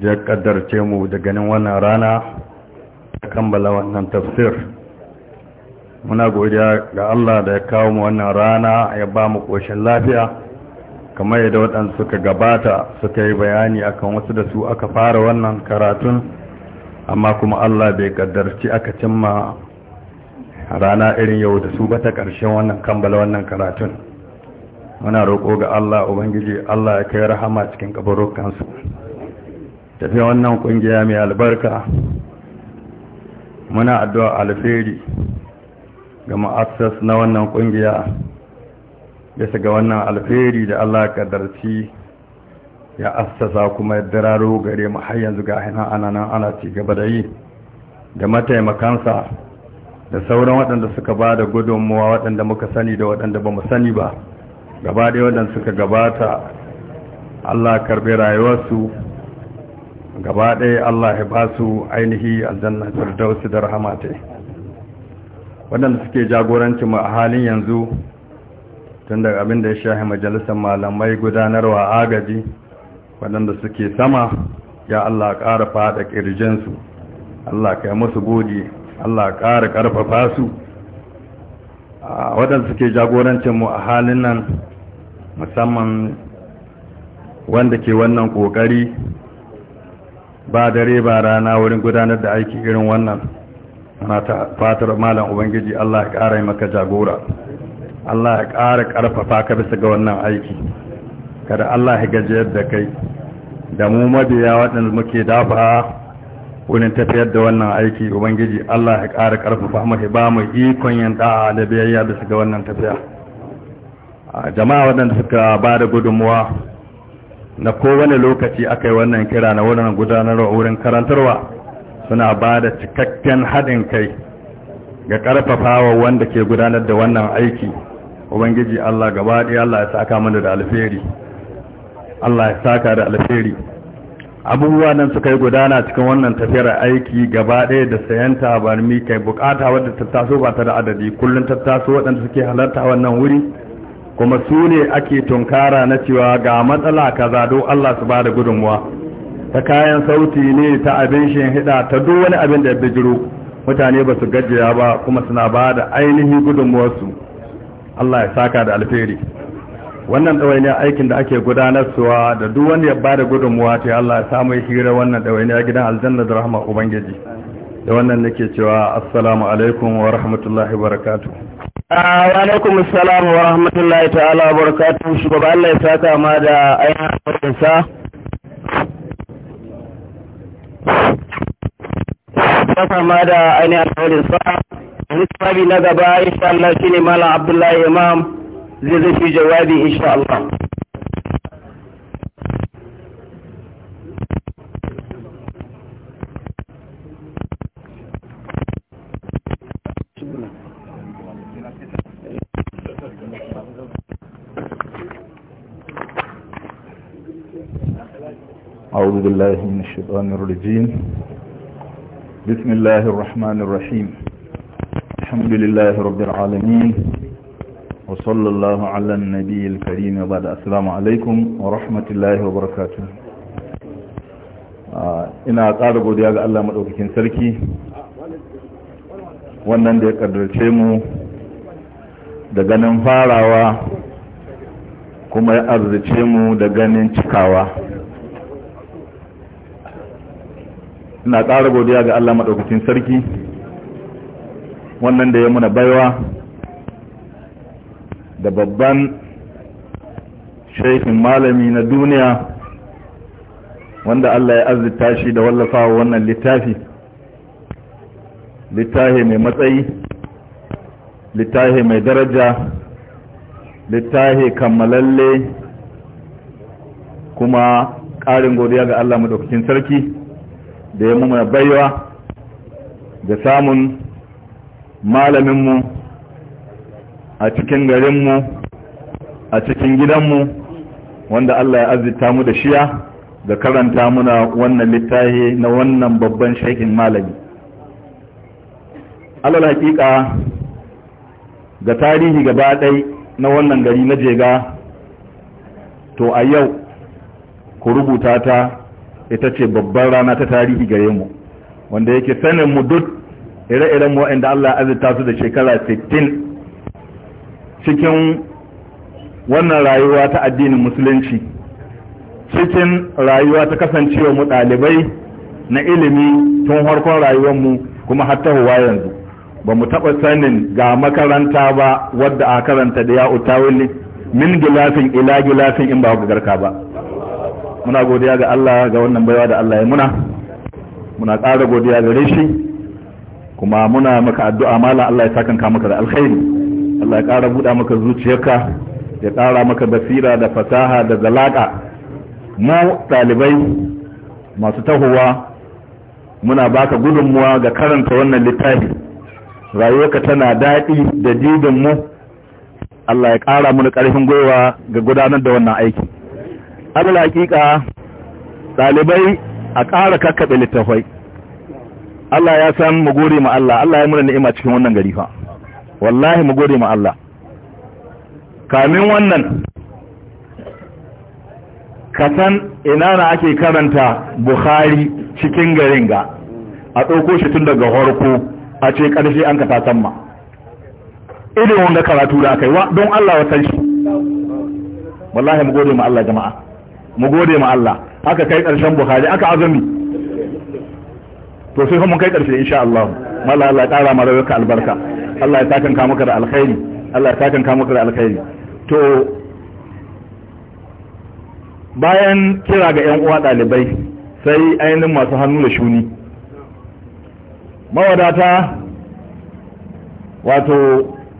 da ya ƙaddarce mu da ganin wannan rana ta kammala wannan tafsir muna godiya ga Allah da ya kawo mu wannan rana ya ba mu koshin lafiya kamar yadda waɗanda suka gabata suka yi bayani akan wasu da su aka fara wannan karatun amma kuma Allah bai kaddarci aka cimma rana irin yau da su ba ta ƙarshen wannan kammala wannan karatun muna roƙo ga Allah Ubangiji Allah ya kai rahama cikin kabarukansu tafiya wannan ƙungiya mai albarka muna addu'a alferi ga ma'asas na wannan kungiya ya shiga wannan alferi da Allah kadarci ya assasa kuma ya dararo gare mu har yanzu ga hina ana ana ci gaba da yi da mataimakansa da sauran waɗanda suka ba da gudunmuwa waɗanda muka sani da waɗanda ba mu sani ba gaba da waɗanda suka gabata Allah karbe rayuwarsu gaba ɗaya Allah ya ba su ainihi aljanna firdausi da rahama ta waɗanda suke jagoranci mu a halin yanzu tun daga abin da ya shahi majalisar malamai gudanarwa agaji waɗanda suke sama ya Allah ƙara faɗa ƙirjinsu Allah kai musu godi Allah ƙara ƙarfafa su waɗanda suke jagorancin mu a halin nan musamman wanda ke wannan ƙoƙari ba dare ba rana wurin gudanar da aiki irin wannan ana ta fatar malam ubangiji Allah ya ƙara maka jagora Allah ya ƙara ƙarfafa ka bisa ga wannan aiki kada Allah ya gajiyar da kai da mu mabiya waɗanda muke dafa wurin tafiyar da wannan aiki ubangiji Allah ya ƙara ƙarfafa mahi ba mu ikon yin da'a da biyayya bisa ga wannan tafiya jama'a waɗanda suka ba da gudunmuwa na kowane lokaci aka yi wannan kira na wurin gudanarwa wurin karantarwa suna ba da cikakken haɗin kai ga ƙarfafawa wanda ke gudanar da wannan aiki ubangiji Allah gaba ɗaya Allah ya saka mana da alferi Allah ya saka da alferi abubuwa nan suka yi gudana cikin wannan tafiyar aiki gaba ɗaya da sayan tabarmi kai bukata wadda ta taso ba ta da adadi kullum ta taso waɗanda suke halarta wannan wuri kuma su ne ake tunkara na cewa ga matsala kaza zado Allah su ba da gudunmuwa ta kayan sauti ne ta abin shi hida ta duk wani abin da ya bijiro mutane ba su gajiya ba kuma suna ba da ainihin gudunmuwarsu Allah ya saka da alferi wannan ɗawainiyar aikin da ake gudanarsuwa da duk wani ya ba da gudunmuwa ta Allah ya samu hira wannan a gidan aljanna da rahama ubangiji da wannan nake cewa assalamu alaikum wa rahmatullahi wa barakatuh alaikum assalamu wa rahmatullahi ta'ala wa barakatuhu shugaba Allah ya saka ma da ainihin sa saka ma da ainihin alfarin sa nisbabi na gaba insha Allah shine malam Abdullahi Imam zai zai jawabi insha Allah أعوذ بالله من الشيطان الرجيم بسم الله الرحمن الرحيم الحمد لله رب العالمين وصلى الله على النبي الكريم بعد السلام عليكم ورحمة الله وبركاته ina ƙara godiya ga Allah maɗaukakin sarki wannan da ya ƙaddarce mu da ganin farawa kuma ya arzice mu da ganin cikawa ina ƙara godiya ga Allah maɗaukacin sarki wannan da ya muna baiwa da babban shaikin malami na duniya wanda Allah ya arzita shi da wallafawa wannan littafi littafi mai matsayi littafi mai daraja littafi kammalalle kuma ƙarin godiya ga Allah maɗaukacin sarki da ya mai baiwa da samun malaminmu a cikin garinmu a cikin gidanmu wanda Allah ya azita mu da shiya da karanta muna wannan littafi na wannan babban shekin malami alal hakika ga tarihi gaba ɗaya na wannan gari na jega to a yau ku rubuta ta ita ce babbar rana ta tarihi gare mu wanda yake sanin mu duk ire-iren waɗanda Allah azurta su da shekara sittin cikin wannan rayuwa ta addinin musulunci cikin rayuwa ta kasancewa mu ɗalibai na ilimi tun harkon mu kuma hatta huwa yanzu ba mu taɓa sanin ga makaranta ba wadda a karanta da ya tawili min gilafin ila gilafin in ba ku garka ba muna godiya ga Allah ga wannan baiwa da Allah ya muna muna ƙara godiya gare shi kuma muna maka addu'a mala Allah ya sakanka maka da alkhairi Allah ya ƙara buɗa maka zuciyarka ya ƙara maka basira da fasaha da zalaƙa mu ɗalibai masu tahowa muna baka gudunmuwa ga karanta wannan littafi rayuwarka tana daɗi da didinmu Allah ya ƙara mana ƙarfin gwiwa ga gudanar da wannan aiki abin hakika ɗalibai a ƙara kakkaɓe littafai Allah ya san mu gode ma Allah Allah ya mura ni'ima cikin wannan gari fa wallahi mu gode ma Allah kamin wannan kasan ina na ake karanta Bukhari cikin garin ga a ɗauko shi tun daga harko a ce ƙarshe an ka tasan ma wanda karatu da aka yi wa don Allah wa san shi wallahi mu gode ma Allah jama'a mu gode ma Allah aka kai karshen bukhari aka azumi to sai kuma kai karshe insha Allah mala Allah ya ƙara ma rayuwarka albarka Allah ya takanka maka da alkhairi Allah ya takanka maka da alkhairi to bayan kira ga ƴan uwa dalibai sai ainihin masu hannu da shuni mawadata wato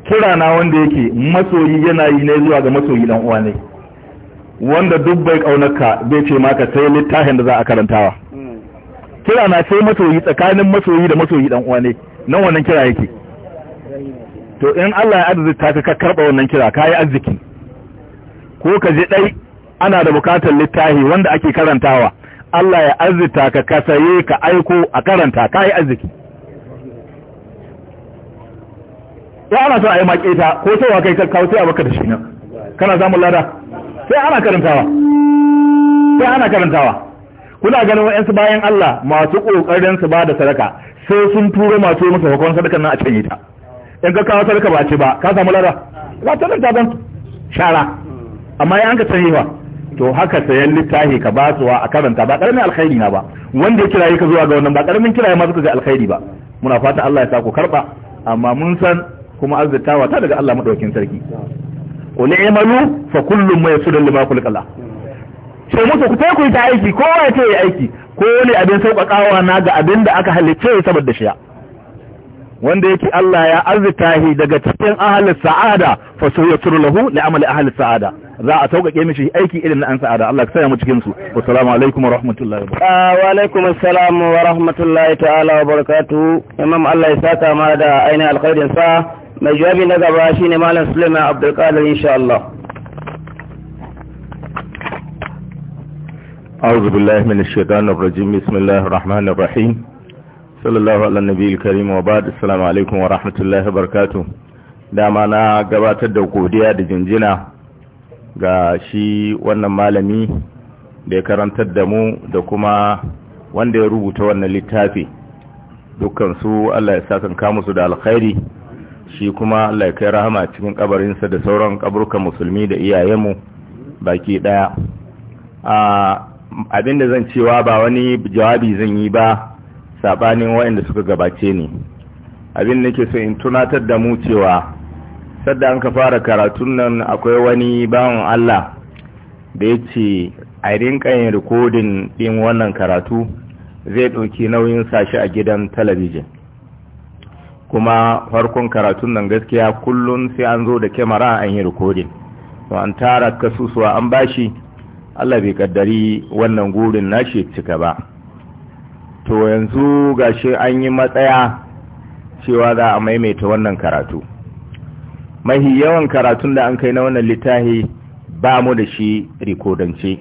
kira na wanda yake masoyi yana yi ne zuwa ga masoyi dan uwa ne wanda duk bai kaunarka bai ce maka sai littafin da za a karantawa kira na sai masoyi tsakanin masoyi da masoyi dan uwa ne nan wannan kira yake to in Allah ya arzika ka karba wannan kira kai arziki ko ka je dai ana da bukatar littafi wanda ake karantawa Allah ya arzita ka kasaye ka aiko a karanta kai arziki ya ana so a yi maƙeta ko sai wa kai ka kawo sai a baka da shi nan kana samun lada sai ana karantawa sai ana karantawa kuna ganin wa'yansu bayan Allah masu kokarin su ba da sadaka sai sun turo masu masa musu hukumar sadakan nan a canye ta in ka kawo sadaka ba ce ba ka samu lada ba ta nan taban shara amma ya an ka canye ba to haka sayan littafi ka basuwa a karanta ba karamin alkhairi na ba wanda ya kiraye ka zuwa ga wannan ba karamin kiraye ma suka ga alkhairi ba muna fata Allah ya sa ku karba amma mun san kuma azzatawa ta daga Allah madaukakin sarki qul i'malu fa kullum maysudun lima khalaqala sai musu ku ku ta aiki ko ya ce ya aiki ko ne abin sauƙaƙawa na ga abin da aka halicce ya saboda shiya wanda yake Allah ya arzita shi daga cikin ahalin sa'ada fa su yasru lahu li amali ahalin sa'ada za a sauƙaƙe mishi aiki irin na an sa'ada Allah ya saya mu cikin su assalamu alaikum wa rahmatullahi wa barakatuh ah, wa alaikum assalam wa rahmatullahi ta'ala wa barakatuh imam Allah ya saka ma da ainihin alkhairin sa mai jawabi na gaba shine malam Suleiman Abdulkadir insha Allah أعوذ بالله من الشيطان الرجيم بسم الله الرحمن الرحيم صلى الله على النبي الكريم وبعد السلام عليكم wa الله barkatu dama na gabatar da godiya da jinjina ga shi wannan malami da ya karantar da mu da kuma wanda ya rubuta wannan littafi dukkan su Allah ya sa sakan kamusu da alkhairi shi kuma Allah ya kai rahama cikin kabarinsa da sauran kaburkan musulmi da iyayenmu baki daya abinda zan cewa ba wani jawabi zan yi ba sabanin waɗanda suka gabace ni abin da ke so in tunatar da mu cewa sadda an ka fara karatun nan akwai wani bawan Allah da ya ce a rinka yin rikodin ɗin wannan karatu zai ɗauki nauyin sashi a gidan talabijin kuma farkon karatun nan gaskiya kullum sai an zo da kyamara an yi rikodin to an tara kasusuwa an bashi Allah bai kaddari wannan gurin nashi cika ba to yanzu gashi an yi matsaya cewa za a maimaita wannan karatu mahi yawan karatun da an kai na wannan littafi ba mu da shi rikodance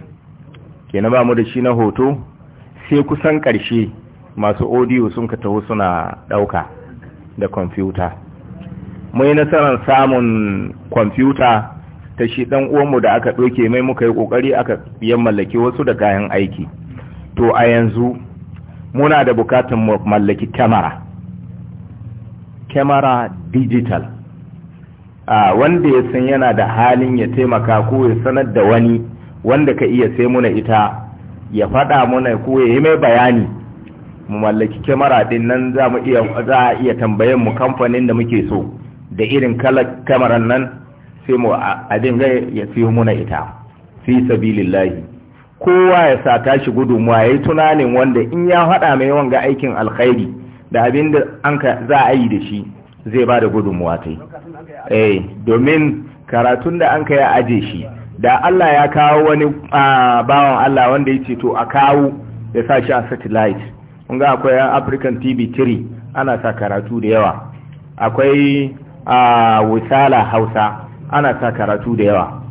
kenan ba mu da shi na hoto sai kusan ƙarshe masu odiyo sun ka taho suna ɗauka da kwamfuta mai nasarar samun kwamfuta ta shi dan uwanmu da aka ɗauke mai muka yi ƙoƙari aka yi mallaki wasu da kayan aiki to a yanzu muna da bukatun mallaki kyamara kyamara digital a wanda ya san yana da halin ya taimaka ko ya sanar da wani wanda ka iya sai muna ita ya faɗa muna ko ya yi mai bayani mu mallaki kyamara din nan za mu iya za a iya tambayen mu kamfanin da muke so da irin kalar kamarar nan sai mu abin dinga ya siyo muna ita fi sabilillahi kowa ya sa tashi gudunmuwa ya yi tunanin wanda in ya haɗa mai ga aikin alkhairi da abin da an za a yi da shi zai ba da gudunmuwa ta yi eh domin karatun da an ka ya aje shi da Allah ya kawo wani bawan Allah wanda ya ce to a kawo ya sa shi a satellite kun ga akwai african tv 3 ana sa karatu da yawa akwai a wisala hausa ana sa karatu da yawa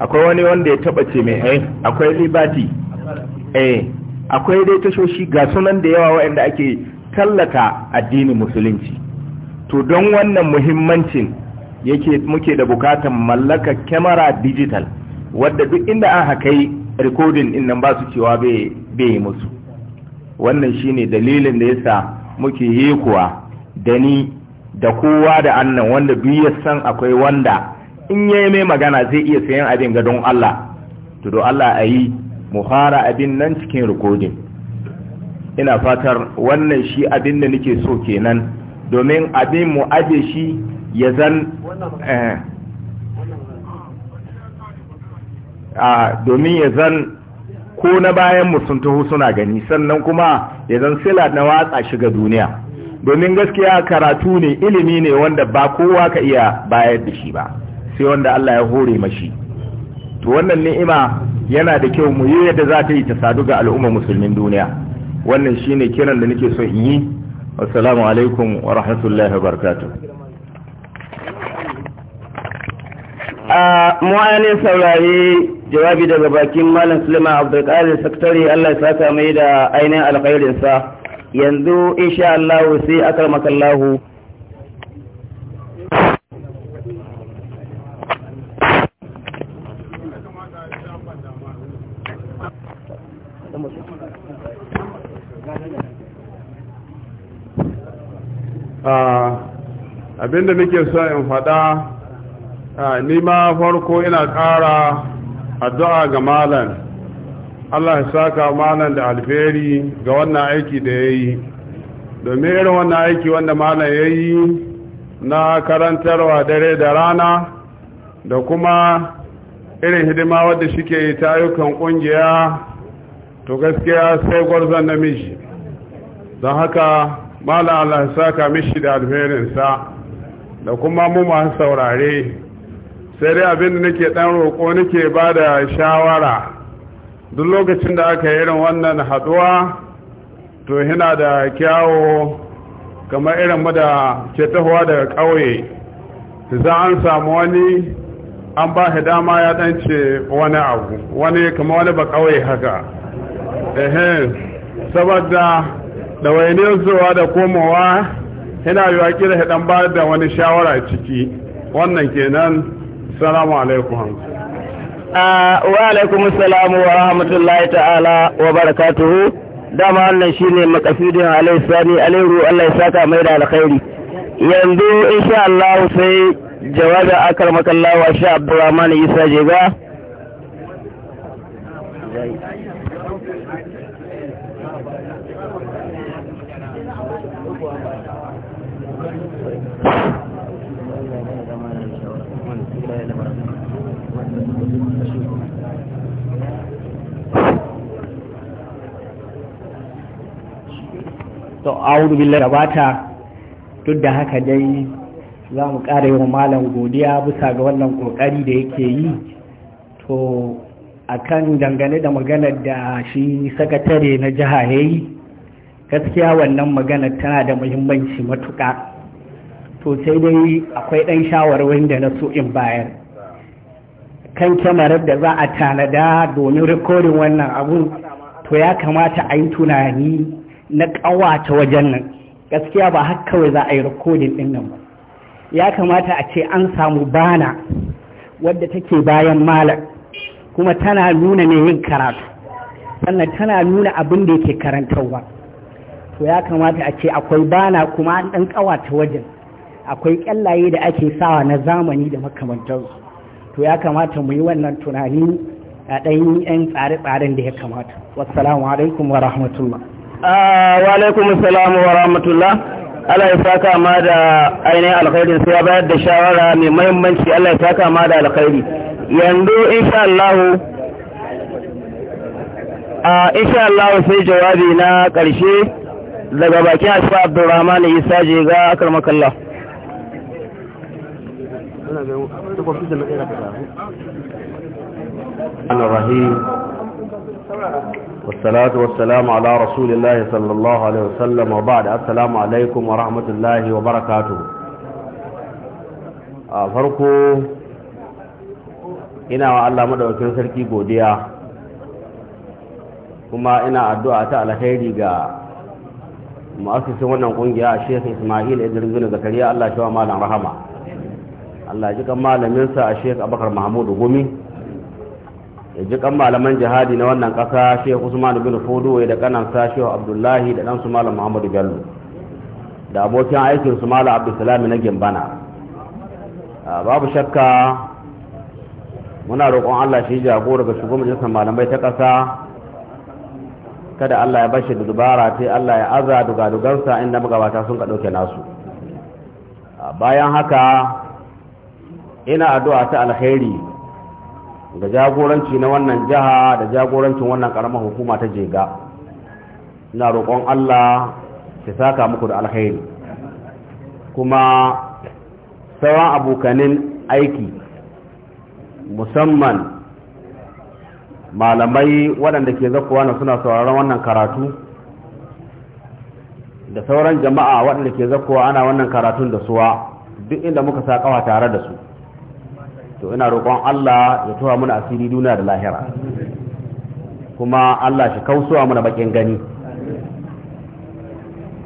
akwai wani wanda ya taba ce mai eh akwai liberty eh akwai dai tashoshi ga sunan da yawa waɗanda ake tallata addinin musulunci to don wannan muhimmancin yake muke da bukatan mallaka kyamara digital wadda duk inda aka kai recording din nan ba su cewa bai yi musu wannan shine dalilin da yasa muke yi kuwa da ni da kowa da annan wanda biyu ya san akwai wanda in yayi mai magana zai iya sayan abin ga don Allah to do Allah a yi mu fara abin nan cikin rikodin ina fatar wannan shi abin da nake so kenan domin abin mu aje shi ya zan eh, domin ya zan ko na bayan mu sun taho suna gani sannan kuma ya zan sila na watsa shiga duniya domin gaskiya karatu ne ilimi ne wanda ba kowa ka iya bayar da shi ba sai wanda Allah ya hore mashi to wannan ni'ima yana da kyau mu yi yadda za ta yi ta sadu ga al'ummar musulmin duniya wannan shine kiran da nake so in yi assalamu alaikum wa rahmatullahi wa barakatuh a mu'ayanin saurari jawabi daga bakin malam suleiman abdulkari sakatare allah ya saka mai da ainihin alkhairinsa yanzu insha Allahu sai akar makallahu abinda nake so in faɗa Ah, ni ma farko ina ƙara addu'a ga malam Allah ya saka malam da alferi ga wannan aiki da ya yi domin irin wannan aiki wanda malam ya yi na karantarwa dare da rana da kuma irin hidima wadda shi ke ta ayyukan ƙungiya to gaskiya sai gwarzon namiji don haka malam Allah ya saka mishi da alferinsa da kuma mu masu saurare sai dai abin da nake dan roƙo nake ba da shawara duk lokacin da aka yi irin wannan haɗuwa to hina da kyawo kamar irin mu da ke tahowa daga ƙauye za an samu wani an ba shi dama ya ɗance wani abu wani kama wani ba ƙauye haka ehem saboda ɗawainiyar zuwa da komowa yana yiwa kira ɗan ba da wani shawara ciki wannan kenan salamu alaikum wa alaikum salamu wa rahmatullahi ta'ala wa barakatuhu dama wannan shine makasudin alai sani alairu Allah ya saka mai da alkhairi yanzu insha Allah sai jawabin akar makallahu sha Abdulrahman Isa Jega to a'udhu billahi gabata duk da haka dai za mu ƙara yi wa malam godiya bisa ga wannan ƙoƙari da yake yi to a kan dangane da maganar da shi sakatare na jiha ya yi gaskiya wannan maganar tana da muhimmanci matuƙa to sai dai akwai ɗan shawarwar da na so in bayar kan kyamarar da za a tanada domin rikodin wannan abu to ya kamata a yi tunani na ƙawata wajen nan gaskiya ba haka kawai za a yi rikodin ɗin nan ba ya kamata a ce an samu bana wadda take bayan malam kuma tana nuna ne yin karatu sannan tana nuna abin da yake karantarwa to ya kamata a ce akwai bana kuma an ɗan ƙawata wajen akwai ƙyallaye da ake sawa na zamani da makamantarsu to ya kamata mu yi wannan tunani a ɗanyen 'yan tsare-tsaren da ya kamata wassalamu alaikum wa rahmatullah Ah, wa alaikum salamu wa rahmatullah Allah ya saka ma da ainihin alkhairi sai ya bayar da shawara mai muhimmanci Allah ya saka ma da alkhairi yanzu insha Allah a insha Allah sai jawabi na ƙarshe daga bakin Asfa Abdulrahman Isa Jega karmakallah الرحيم والصلاة ala على sallallahu alaihi صلى الله عليه وسلم alaikum wa عليكم wa الله a farko ina wa Allah madaukakin sarki godiya kuma ina addu'a ta alheri ga mu'assisin wannan kungiya Sheikh Ismail Idris bin Zakariya Allah ya malam rahama Allah ya ji kan malamin sa Sheikh Abubakar Mahmud Gumi ya ji kan malaman jihadi na wannan kasa shehu usman bin fudu da kanansa shehu abdullahi da ɗansu malam muhammadu bello da abokin aikin su malam abdulsalami na gimbana babu shakka muna roƙon allah shi jagora ga shugaban majalisar malamai ta ƙasa kada allah ya bashi da dubara sai allah ya aza dugadugansa inda magabata sun ka ɗauke nasu bayan haka ina addu'a ta alheri da jagoranci na wannan jiha da jagorancin wannan karamar hukuma ta jega na roƙon Allah ya saka muku da alkhairi kuma sauran abokanin aiki musamman malamai waɗanda ke zakuwa na suna sauraron wannan karatu da sauran jama'a waɗanda ke zakuwa ana wannan karatun da suwa duk inda muka sa kawa tare da su to ina roƙon Allah ya tuwa muna asiri duniya da lahira kuma Allah shi kausuwa muna bakin gani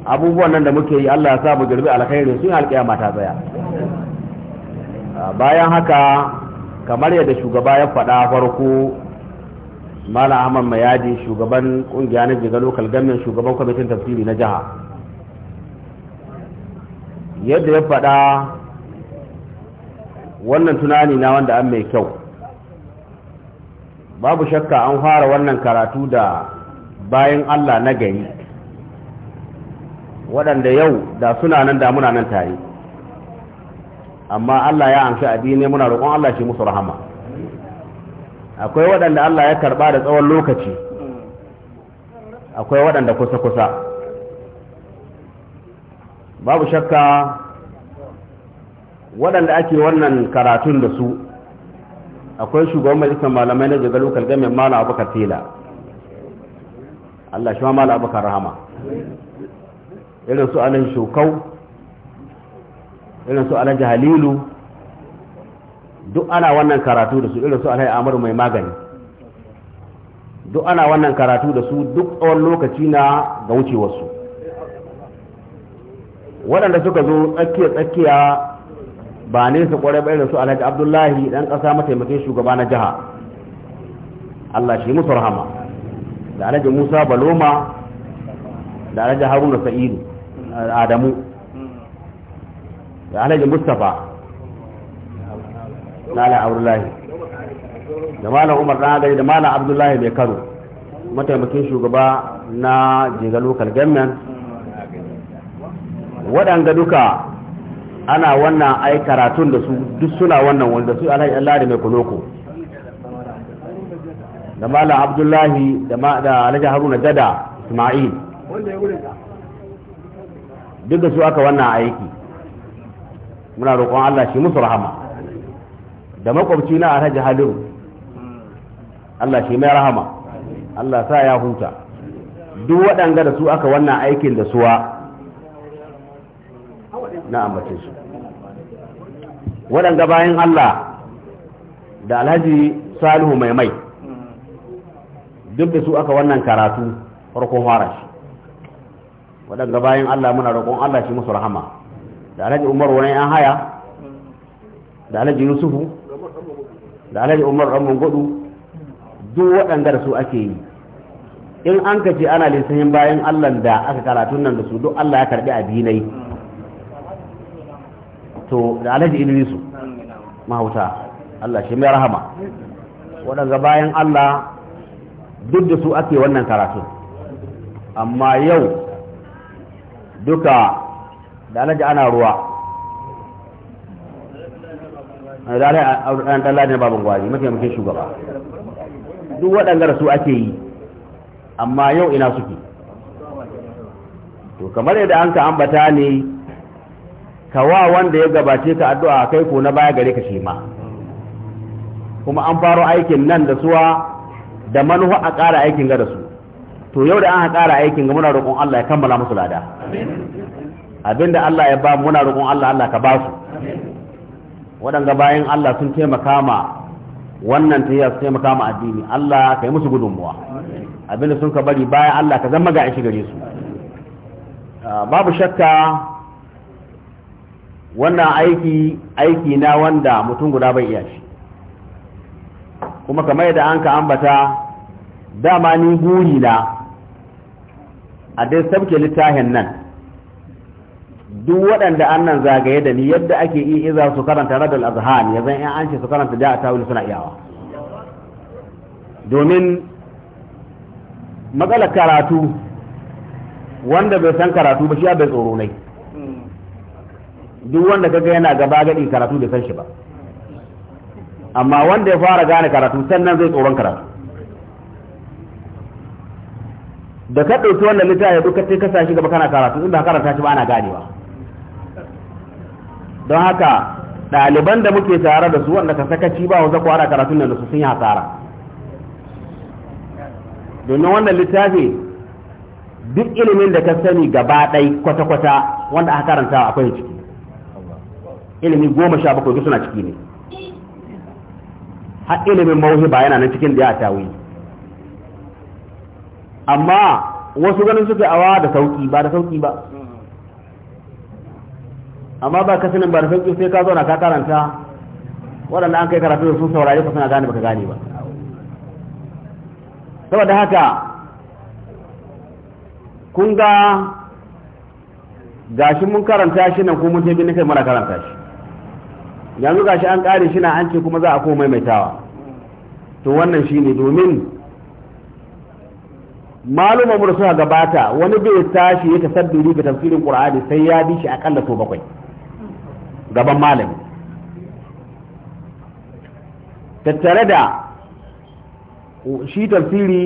abubuwan nan da muke yi Allah ya sa mu girbi alkhairi sun alƙiyama ta tsaya bayan haka kamar yadda shugaba ya faɗa farko mala ahmad mayadi shugaban kungiya na jigalo local government shugaban kwamitin tafsiri na jiha yadda ya faɗa wannan tunani na wanda an mai kyau babu shakka an fara wannan karatu da bayan Allah na gari waɗanda yau da suna nan da muna nan tare amma Allah ya amshi addini muna roƙon Allah shi musu rahama akwai waɗanda Allah ya karɓa da tsawon lokaci akwai waɗanda kusa-kusa babu shakka waɗanda ake wannan karatun da su akwai shugaban majalisar malamai na jigar lokal game mala abubakar tela Allah shi ma mala abubakar rahama irin su alin shukau irin su alhaji jahalilu duk ana wannan karatu da su irin su alhaji amur mai magani duk ana wannan karatu da su duk tsawon lokaci na ga wucewarsu waɗanda suka zo tsakiya-tsakiya ba nesa kwarai bayan su alhaji abdullahi dan kasa mataimakin shugaba na jiha Allah shi musu rahama da alhaji musa baloma da alhaji haruna sa'idu adamu da alhaji mustapha na ala abdullahi da malam umar na gari da malam abdullahi mai karo mataimakin shugaba na jiga local government waɗanga duka ana wannan ai karatun da su duk suna wannan wanda su alhaji Allah mai kuloko da malam abdullahi da alhaji haruna Dada, ismail duk da su aka wannan aiki muna roƙon Allah shi musu rahama da makwabci na alhaji haliru Allah shi mai rahama Allah sa ya huta duk waɗanga da su aka wannan aikin da suwa na ambace su waɗanda bayan Allah da alhaji salihu mai mai duk da su aka wannan karatu farkon fara shi waɗanda bayan Allah muna roƙon Allah shi musu rahama da alhaji umaru wani an haya da alhaji yusufu da alhaji umaru ɗan gudu duk waɗanda da su ake yi in an ka ce ana lissahin bayan Allah da aka karatu nan da su duk Allah ya karɓi abinai to da alhaji idrisu mahauta Allah shi mai rahama waɗanda bayan Allah duk da su ake wannan karatun amma yau duka da alhaji ana ruwa da alhaji an ɗalla ne babin gwari mataimakin shugaba duk waɗanda da su ake yi amma yau ina suke to kamar yadda an ka ambata ne Ka wa wanda ya gabace ka addu'a kai ko na baya gare ka shi kuma an faro aikin nan da suwa da manufa a ƙara aikin ga da su to yau da an ƙara aikin ga muna roƙon Allah ya kammala musu lada abinda Allah ya ba muna roƙon Allah Allah ka ba su waɗanda bayan Allah sun taimaka ma wannan ta su taimaka ma addini Allah ka yi musu gudunmuwa abinda sun ka bari bayan Allah ka zama ga shi gare su ah, babu shakka wannan aiki aiki na wanda mutum guda bai iya shi kuma kamar yadda an ka ambata dama ni guri na a dai sabke littafin nan duk waɗanda annan zagaye da ni yadda ake iya iza su karanta radul azhan ya zan an ce su karanta da ta wuli suna iyawa domin matsalar karatu wanda bai san karatu ba shi ya bai tsoro nai duk wanda kaga yana gaba gadi karatu da san shi ba amma wanda ya fara gane karatu sannan zai tsoron karatu da ka ɗauki wannan littafi duk ka ka shi gaba kana karatu inda ka karanta shi ba ana ganewa don haka ɗaliban da muke tare da su wanda ka sakaci ba wanda kwara karatun nan da su sun yi hasara domin wannan littafi duk ilimin da ka sani gaba ɗai kwata-kwata wanda aka karanta akwai ciki ilimi goma sha bakwai duk suna ciki ne har ilimin mawuhi ba yana nan cikin da ya tawi amma wasu ganin suke awa da sauki ba da sauki ba amma ba ka sanin ba da sauki sai ka zauna ka karanta waɗanda an kai karatu da sun saurari ka suna gane baka gane ba saboda haka kun ga gashi mun karanta shi nan ko mun je bin kai mara karanta shi yanzu gashi an kare shi na an ce kuma za a koma maimaitawa to wannan shi ne domin maluma mursu suka gabata wani bai tashi ya tasadduri ga tafsirin qur'ani sai ya bi shi akalla so bakwai gaban malami tattare da shi tafsiri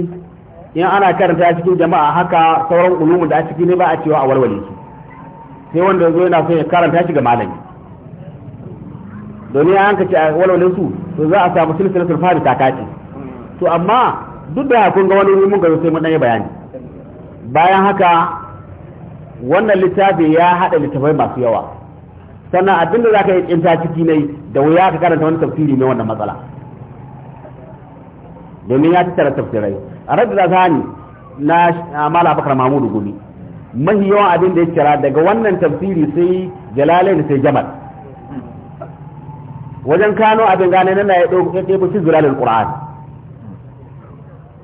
in ana karanta cikin jama'a haka sauran ulumu da a ciki ne ba a cewa a walwale shi sai wanda zo yana so ya karanta shi ga malami domin an kace a walwalin su to za a samu silsilatul ta kace to amma duk da kun ga wani wuri mun garo sai mun dan bayani bayan haka wannan littafi ya hada littafai masu yawa sannan abin da zaka yi tsinta ciki ne da wuya ka karanta wani tafsiri ne wannan matsala domin ya tattara tafsirai a rabbi zani na amala bakar mamudu gumi mahi yawan abin da ya kira daga wannan tafsiri sai jalalain sai jamal wajen kano abin gane nan ya ɗauko ya ɗebo shi zulalul qur'an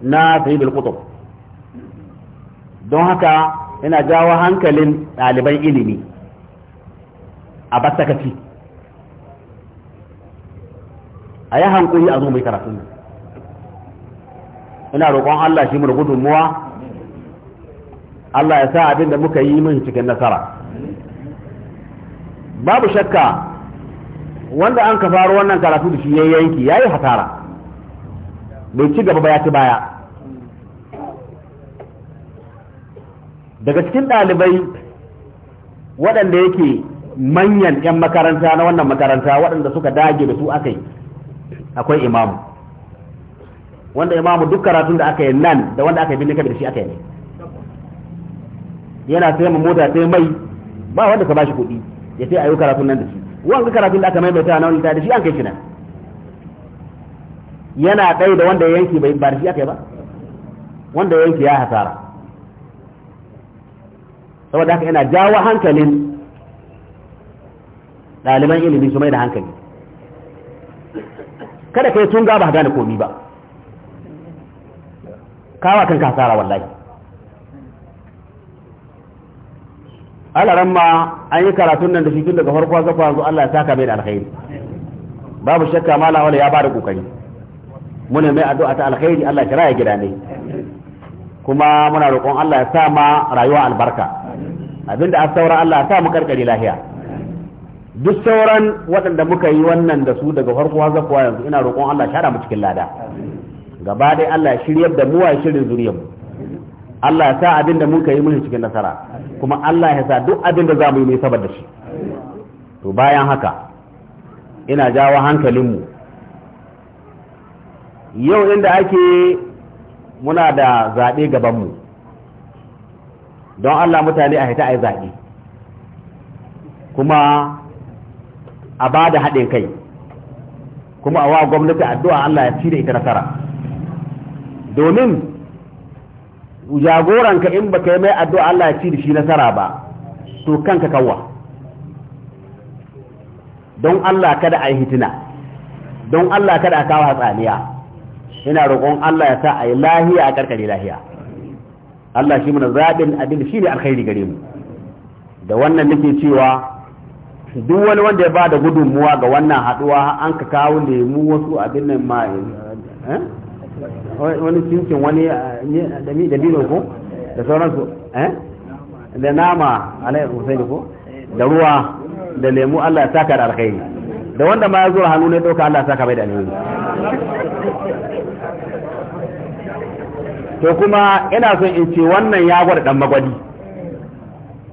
na sayyidul qutb don haka yana jawo hankalin ɗaliban ilimi a basakaci a yi hankuli a zo mai karatun ina roƙon Allah shi mun gudunmuwa Allah ya sa abin da muka yi min cikin nasara babu shakka wanda an ka faru wannan karatu da shi ya yanki ya yi hasara bai ci gaba ba ya ci baya daga cikin ɗalibai waɗanda yake manyan 'yan makaranta na wannan makaranta waɗanda suka dage da su aka yi akwai imamu wanda imamu duk karatun da aka yi nan da wanda aka yi bindin da shi aka yi yana sai mota sai mai ba wanda ka ba shi kuɗi ya sai a yi karatun nan da shi wanda karatun da aka maimaita na wani da shi an kai shi yana ɗaya da wanda ya yanki bai ba da shi aka yi ba wanda ya yanki ya hasara saboda haka yana jawo hankalin ɗaliban ilimi su mai da hankali kada kai tun gaba gane komi ba kawa kanka hasara wallahi alaran ma an yi karatun nan da shi tun daga farko har yanzu Allah ya saka mai da alkhairi babu shakka mala wala ya bada kokari muna mai addu'a ta alkhairi Allah ya raya gida ne kuma muna roƙon Allah ya sa ma rayuwa albarka abinda a saura Allah ya sa mu karkare lahiya duk sauran waɗanda muka yi wannan da su daga farko har zakwa yanzu ina roƙon Allah ya shara mu cikin lada gaba dai Allah ya shiryar da mu wa shirin zuriyar mu Allah ya sa abin da muka yi mun cikin nasara kuma Allah ya sa duk abin da za mu yi mai sabar da shi to bayan haka ina jawo hankalinmu yau inda ake muna da zaɓe gabanmu don Allah mutane a haita a yi zaɓe kuma a bada haɗin kai kuma a wa gwamnati addu'a Allah ya ci da ita nasara domin jagoranka in ba ka yi mai addu'a Allah ya ci da shi nasara ba to kanka kawwa don Allah kada a yi hitina don Allah kada a kawo hatsaniya ina roƙon Allah ya sa a yi lahiya a karkare lahiya Allah shi muna zaɓin abin shi ne alkhairi gare mu da wannan nake cewa duk wani wanda ya ba da gudunmuwa ga wannan haɗuwa an ka kawo lemu wasu abin nan ma eh wani cincin wani da biyu ko da sauransu eh da nama alai husaini ko da ruwa da lemu Allah ya saka da alkhairi da wanda ma ya zo hannu ne doka Allah ya saka bai da alheri to kuma ina son in ce wannan ya gwada dan magwadi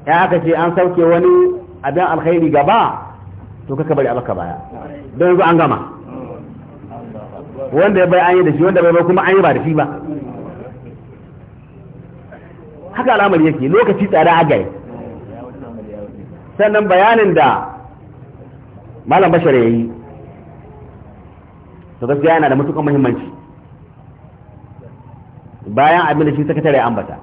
ya aka ce an sauke wani abin alkhairi gaba to kaka bari abaka baya don yanzu an gama wanda ya bai an yi da shi wanda bai bai kuma an yi ba da shi ba haka al'amari yake lokaci tsada agaye sannan bayanin da malam bashar ya yi to gaskiya yana da matukan muhimmanci bayan abin da shi sakatare ambata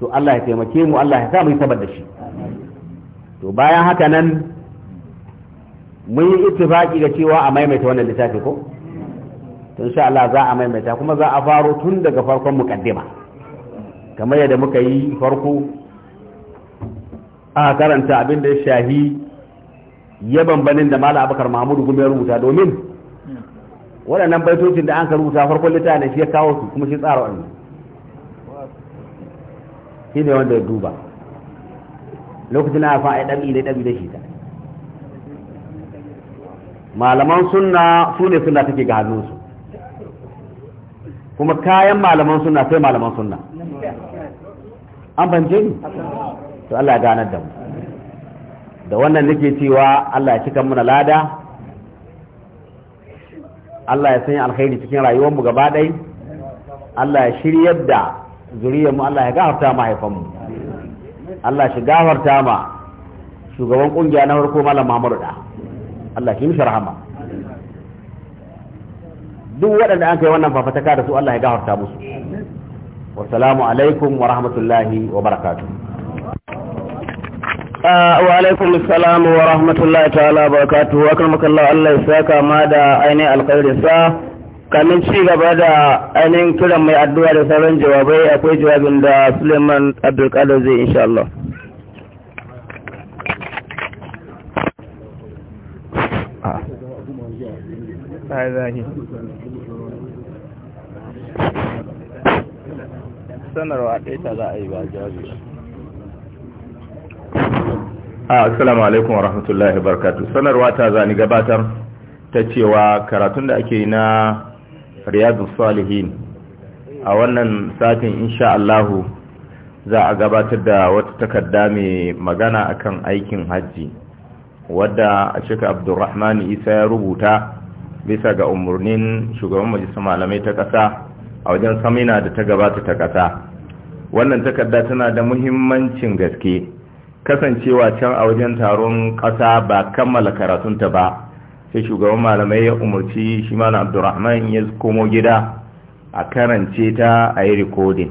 to Allah ya taimake mu Allah ya sa mu yi sabar da shi to bayan haka nan mun yi ittifaki da cewa a maimaita wannan littafi ko to insha Allah za a maimaita kuma za a faro tun daga farkon mukaddima kamar yadda muka yi farko A karanta abin da shahi ya bambanin da mala abakar mahmudu kuma ya rubuta domin waɗannan baitocin da an ka rubuta farkon littafin shi ya kawo su kuma shi tsara wannan shi ne wanda ya duba lokacin na fa'a a ɗabi da ɗabi da shi ta malaman sunna su ne sunna take ga hannunsu kuma kayan malaman sunna sai malaman sunna an bance? ni to Allah ya ganar da mu da wannan nake cewa Allah ya cika muna lada Allah ya sanya alkhairi cikin rayuwarmu mu gaba ɗai Allah ya shiryar da zuriyar mu Allah ya gafarta mahaifanmu, mu Allah shi gafarta ma shugaban kungiya na farko malam Muhammadu da Allah shi mishi rahama duk waɗanda an kai wannan fafataka da su Allah ya gafarta musu wassalamu alaikum wa rahmatullahi wa barakatuh ah, wa alaikum assalam wa rahmatullahi ta'ala wa barakatu wa barakatuh akramakallahu Allah ya saka ma da ainihin alkhairin sa kamin ci gaba da ainihin kiran mai addu'a da sauran jawabai akwai jawabin da Suleiman Abdulkadir zai insha Allah هذا ah. sanarwa ɗaya ta za a yi ba jawabi a asalamu alaikum wa rahmatullahi barkatu sanarwa ta zani gabatar ta cewa karatun da ake yi na riyadu salihin a wannan satin insha Allahu za a gabatar da wata takarda mai magana akan aikin hajji wadda a cika abdurrahman isa ya rubuta bisa ga umarnin shugaban majalisar malamai ta ƙasa a wajen samina da ta gabata ta ƙasa wannan takarda tana da muhimmancin gaske kasancewa can a wajen taron ƙasa ba kammala karatunta ba sai shugaban malamai ya umarci shi mana abdurrahman ya komo gida a karance ta a yi rikodin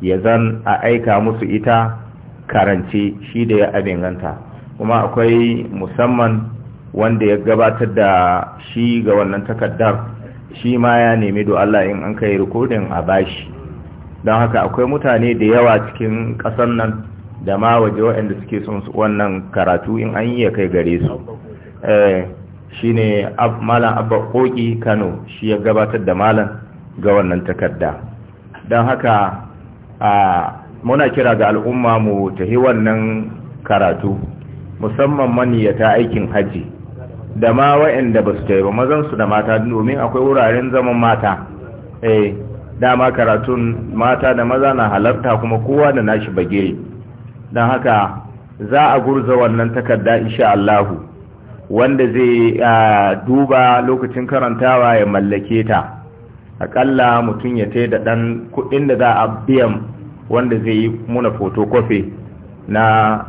ya zan a aika musu ita karance shi da ya abinganta kuma akwai musamman wanda ya gabatar da shi ga wannan takardar shi ma ya nemi do Allah in an kai rikodin a bashi don haka akwai mutane da yawa cikin ƙasar nan da ma waje waɗanda suke son wannan karatu in an yi ya kai gare su eh, shi ne malam abba koki kano shi ya gabatar da malam ga wannan takarda don haka a muna kira ga al'umma mu tahi wannan karatu musamman ta aikin hajji da ma wa'anda ba su ba mazan su da mata domin akwai wuraren zaman mata eh dama karatun mata da maza na halarta kuma kowa da nashi bage don haka za a gurza wannan takarda insha Allahu wanda zai duba lokacin karantawa ya mallake ta akalla mutum ya tai da dan kudin da za a biyan wanda zai yi muna photocopy na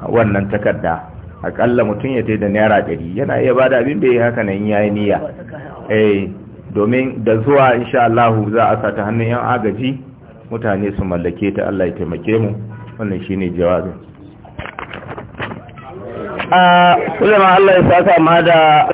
wannan takarda akalla mutum ya da naira ɗari yana iya bada abin da ya haka nan ya yi niyya eh domin da zuwa insha Allah za a sa ta hannun yan agaji mutane su mallake ta Allah ya taimake mu wannan shine jawabin a ah, kullum Allah ya saka ma da